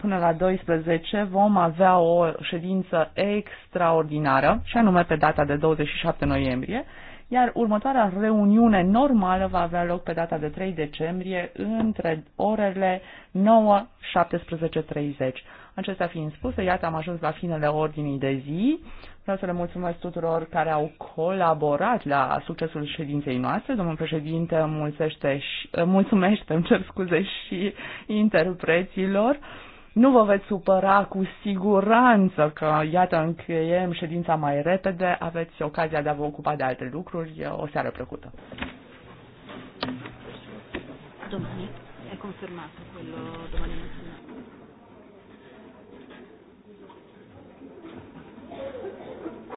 până la 12 vom avea o ședință extraordinară, și anume pe data de 27 noiembrie, iar următoarea reuniune normală va avea loc pe data de 3 decembrie între orele 9-17.30. Acestea fiind spuse, iată am ajuns la finele ordinii de zi. Vreau să le mulțumesc tuturor care au colaborat la succesul ședinței noastre. Domnul președinte mulțește și, mulțumește, îmi cer scuze și interpreților. Nu vă veți supăra cu siguranță că, iată, încheiem ședința mai repede, aveți ocazia de a vă ocupa de alte lucruri. O seară plăcută! Domani, e confirmat cu uh, domnul